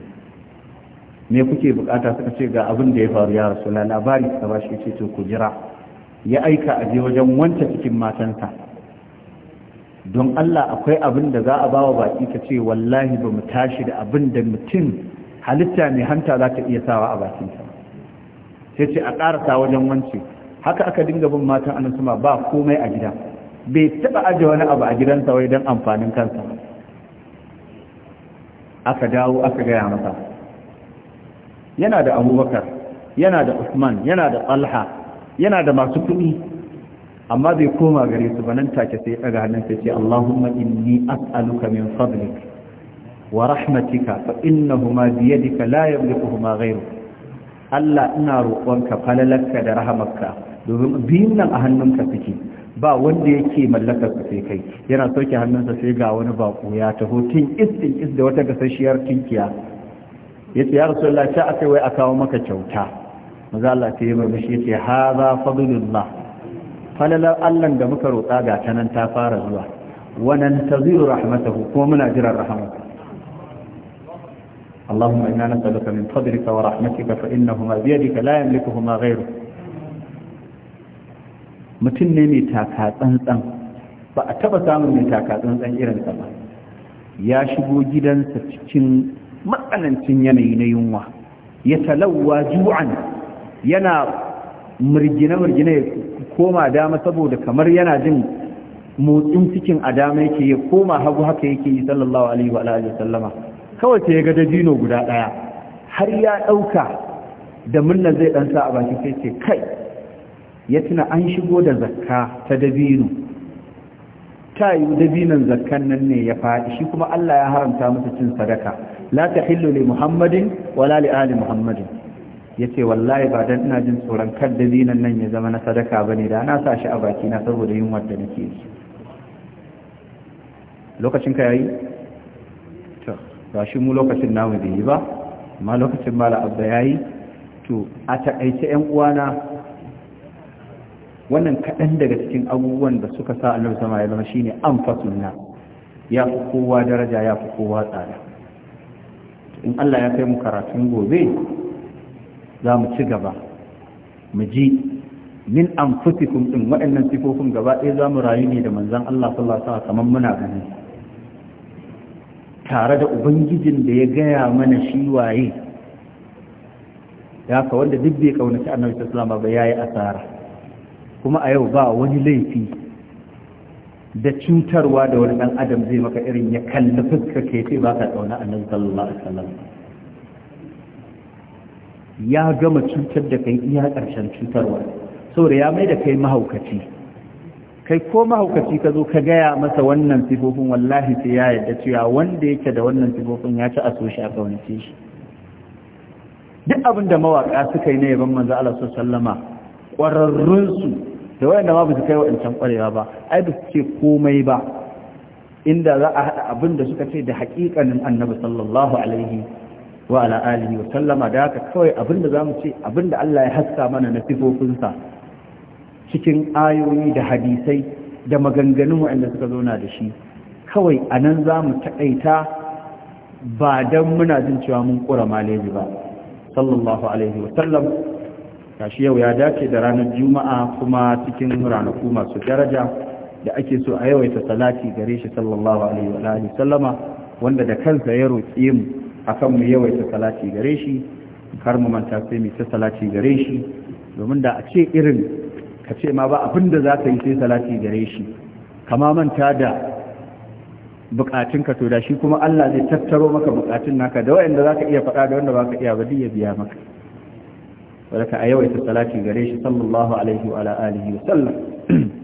me kuke bukata suka ce ga abin da ya faru ya rasulullah labari ta bashi ce to ku jira ya aika a je wajen wanta cikin matansa don Allah akwai abin da za a bawa baki ka ce wallahi ba mu tashi da abin da mutum halitta mai hanta za ta iya sawa a bakinsa sai ce a ƙarasa wajen wance haka aka dinga bin matan anan suma ba komai a gida bai taɓa aje wani abu a gidansa wai don amfanin kansa aka dawo aka gaya masa yana da abubakar yana da usman yana da talha yana da masu kuɗi amma bai koma gare su banan take sai daga hannun sai ce Allahumma inni as'aluka min fadlik wa rahmatika fa innahuma bi yadika la yamlikuhuma ghayru Allah ina roƙonka falalaka da rahamarka domin biyun nan a hannunka suke ba wanda yake mallakar su sai kai yana sauke hannunsa sai ga wani bako ya taho tin is da wata gasasshiyar tinkiya yace ya rasulullahi ta akai wai a kawo maka kyauta maza Allah ta yi murmushi ya ce ha za falalar Allah da muka roƙa ga ta nan ta fara zuwa wannan taziru rahmatahu kuma muna jiran rahmatahu اللهم إنا نسألك من فضلك ورحمتك فإنهما بيدك لا يملكهما غيرك mutum ne mai taka tsantsan ba a taba samun mai taka tsantsan irin sa ba ya shigo gidansa cikin matsanancin yanayi na yunwa ya ju'an yana murgine-murgine ya koma dama saboda kamar yana jin motsin cikin a dama yake ya koma hagu haka yake yi sallallahu alaihi wa alihi sallama kawai sai ya ga dajino guda daya har ya dauka da murna zai dan sa a bakin sai ce kai ya tuna an shigo da zakka ta dabino ta yi dabinan zakkan nan ne ya faɗi shi kuma Allah ya haramta masa cin sadaka la tahillu li muhammadin wala li ali muhammadin ya ce wallahi ba don ina jin tsoron kar da zinan nan ya zama na sadaka ba ne da na sa shi a baki na saboda yunwar da nake yi lokacin ka yayi to ba shi mu lokacin namu bai yi ba amma lokacin mala abba yayi to a taƙaice yan uwana wannan kaɗan daga cikin abubuwan da suka sa annabi sama ya zama shine anfasunna ya fi kowa daraja ya fi kowa tsada in Allah ya kai mu karatun gobe za mu ci gaba mu ji min anfusikum din waɗannan sifofin gaba ɗaya za mu rayu ne da manzon Allah sallallahu alaihi wasallam kamar muna gani tare da ubangijin da ya gaya mana shi waye ya ka wanda duk bai kaunaci annabi sallallahu alaihi wasallam ba yayi asara kuma a yau ba wani laifi da cutarwa da wani dan adam zai maka irin ya kalli fuska ke ce ba ka tsauna a sallallahu alaihi wasallam ya gama cutar da kai iya ƙarshen cutarwa saboda ya mai da kai mahaukaci kai ko mahaukaci ka zo ka gaya masa wannan sifofin wallahi sai ya yadda cewa wanda yake da wannan sifofin ya ci a so shi a kawance shi duk abin da mawaƙa suka yi na yaban manzo Allah sallama ƙwararrunsu da wanda ma ba su kai wa'ancan ƙwarewa ba ai ba su ce komai ba inda za a haɗa abin da suka ce da haƙiƙanin annabi sallallahu alaihi wa ala alihi wa sallama da haka kawai abinda zamu ce abinda Allah ya haska mana na sifofinsa cikin ayoyi da hadisai da maganganun waɗanda suka zauna da shi kawai a nan za mu taƙaita ba don muna jin cewa mun ƙura maleji ba sallallahu alaihi sallam. kashi yau ya dace da ranar juma'a kuma cikin ranaku masu daraja da ake so a yawaita salati gare shi sallallahu alaihi wa sallama wanda da kansa ya roƙe mu akan mu yawaita salati gare shi kar mu manta sai mu ta salati gare shi domin da a ce irin ka ce ma ba abin da za ka yi sai salati gare shi kama manta da bukatun ka to da shi kuma Allah zai tattaro maka bukatun naka da wanda za ka iya faɗa da wanda ba ka iya ba ya biya maka wadaka a yawaita salati gare shi sallallahu alaihi wa alihi wa sallam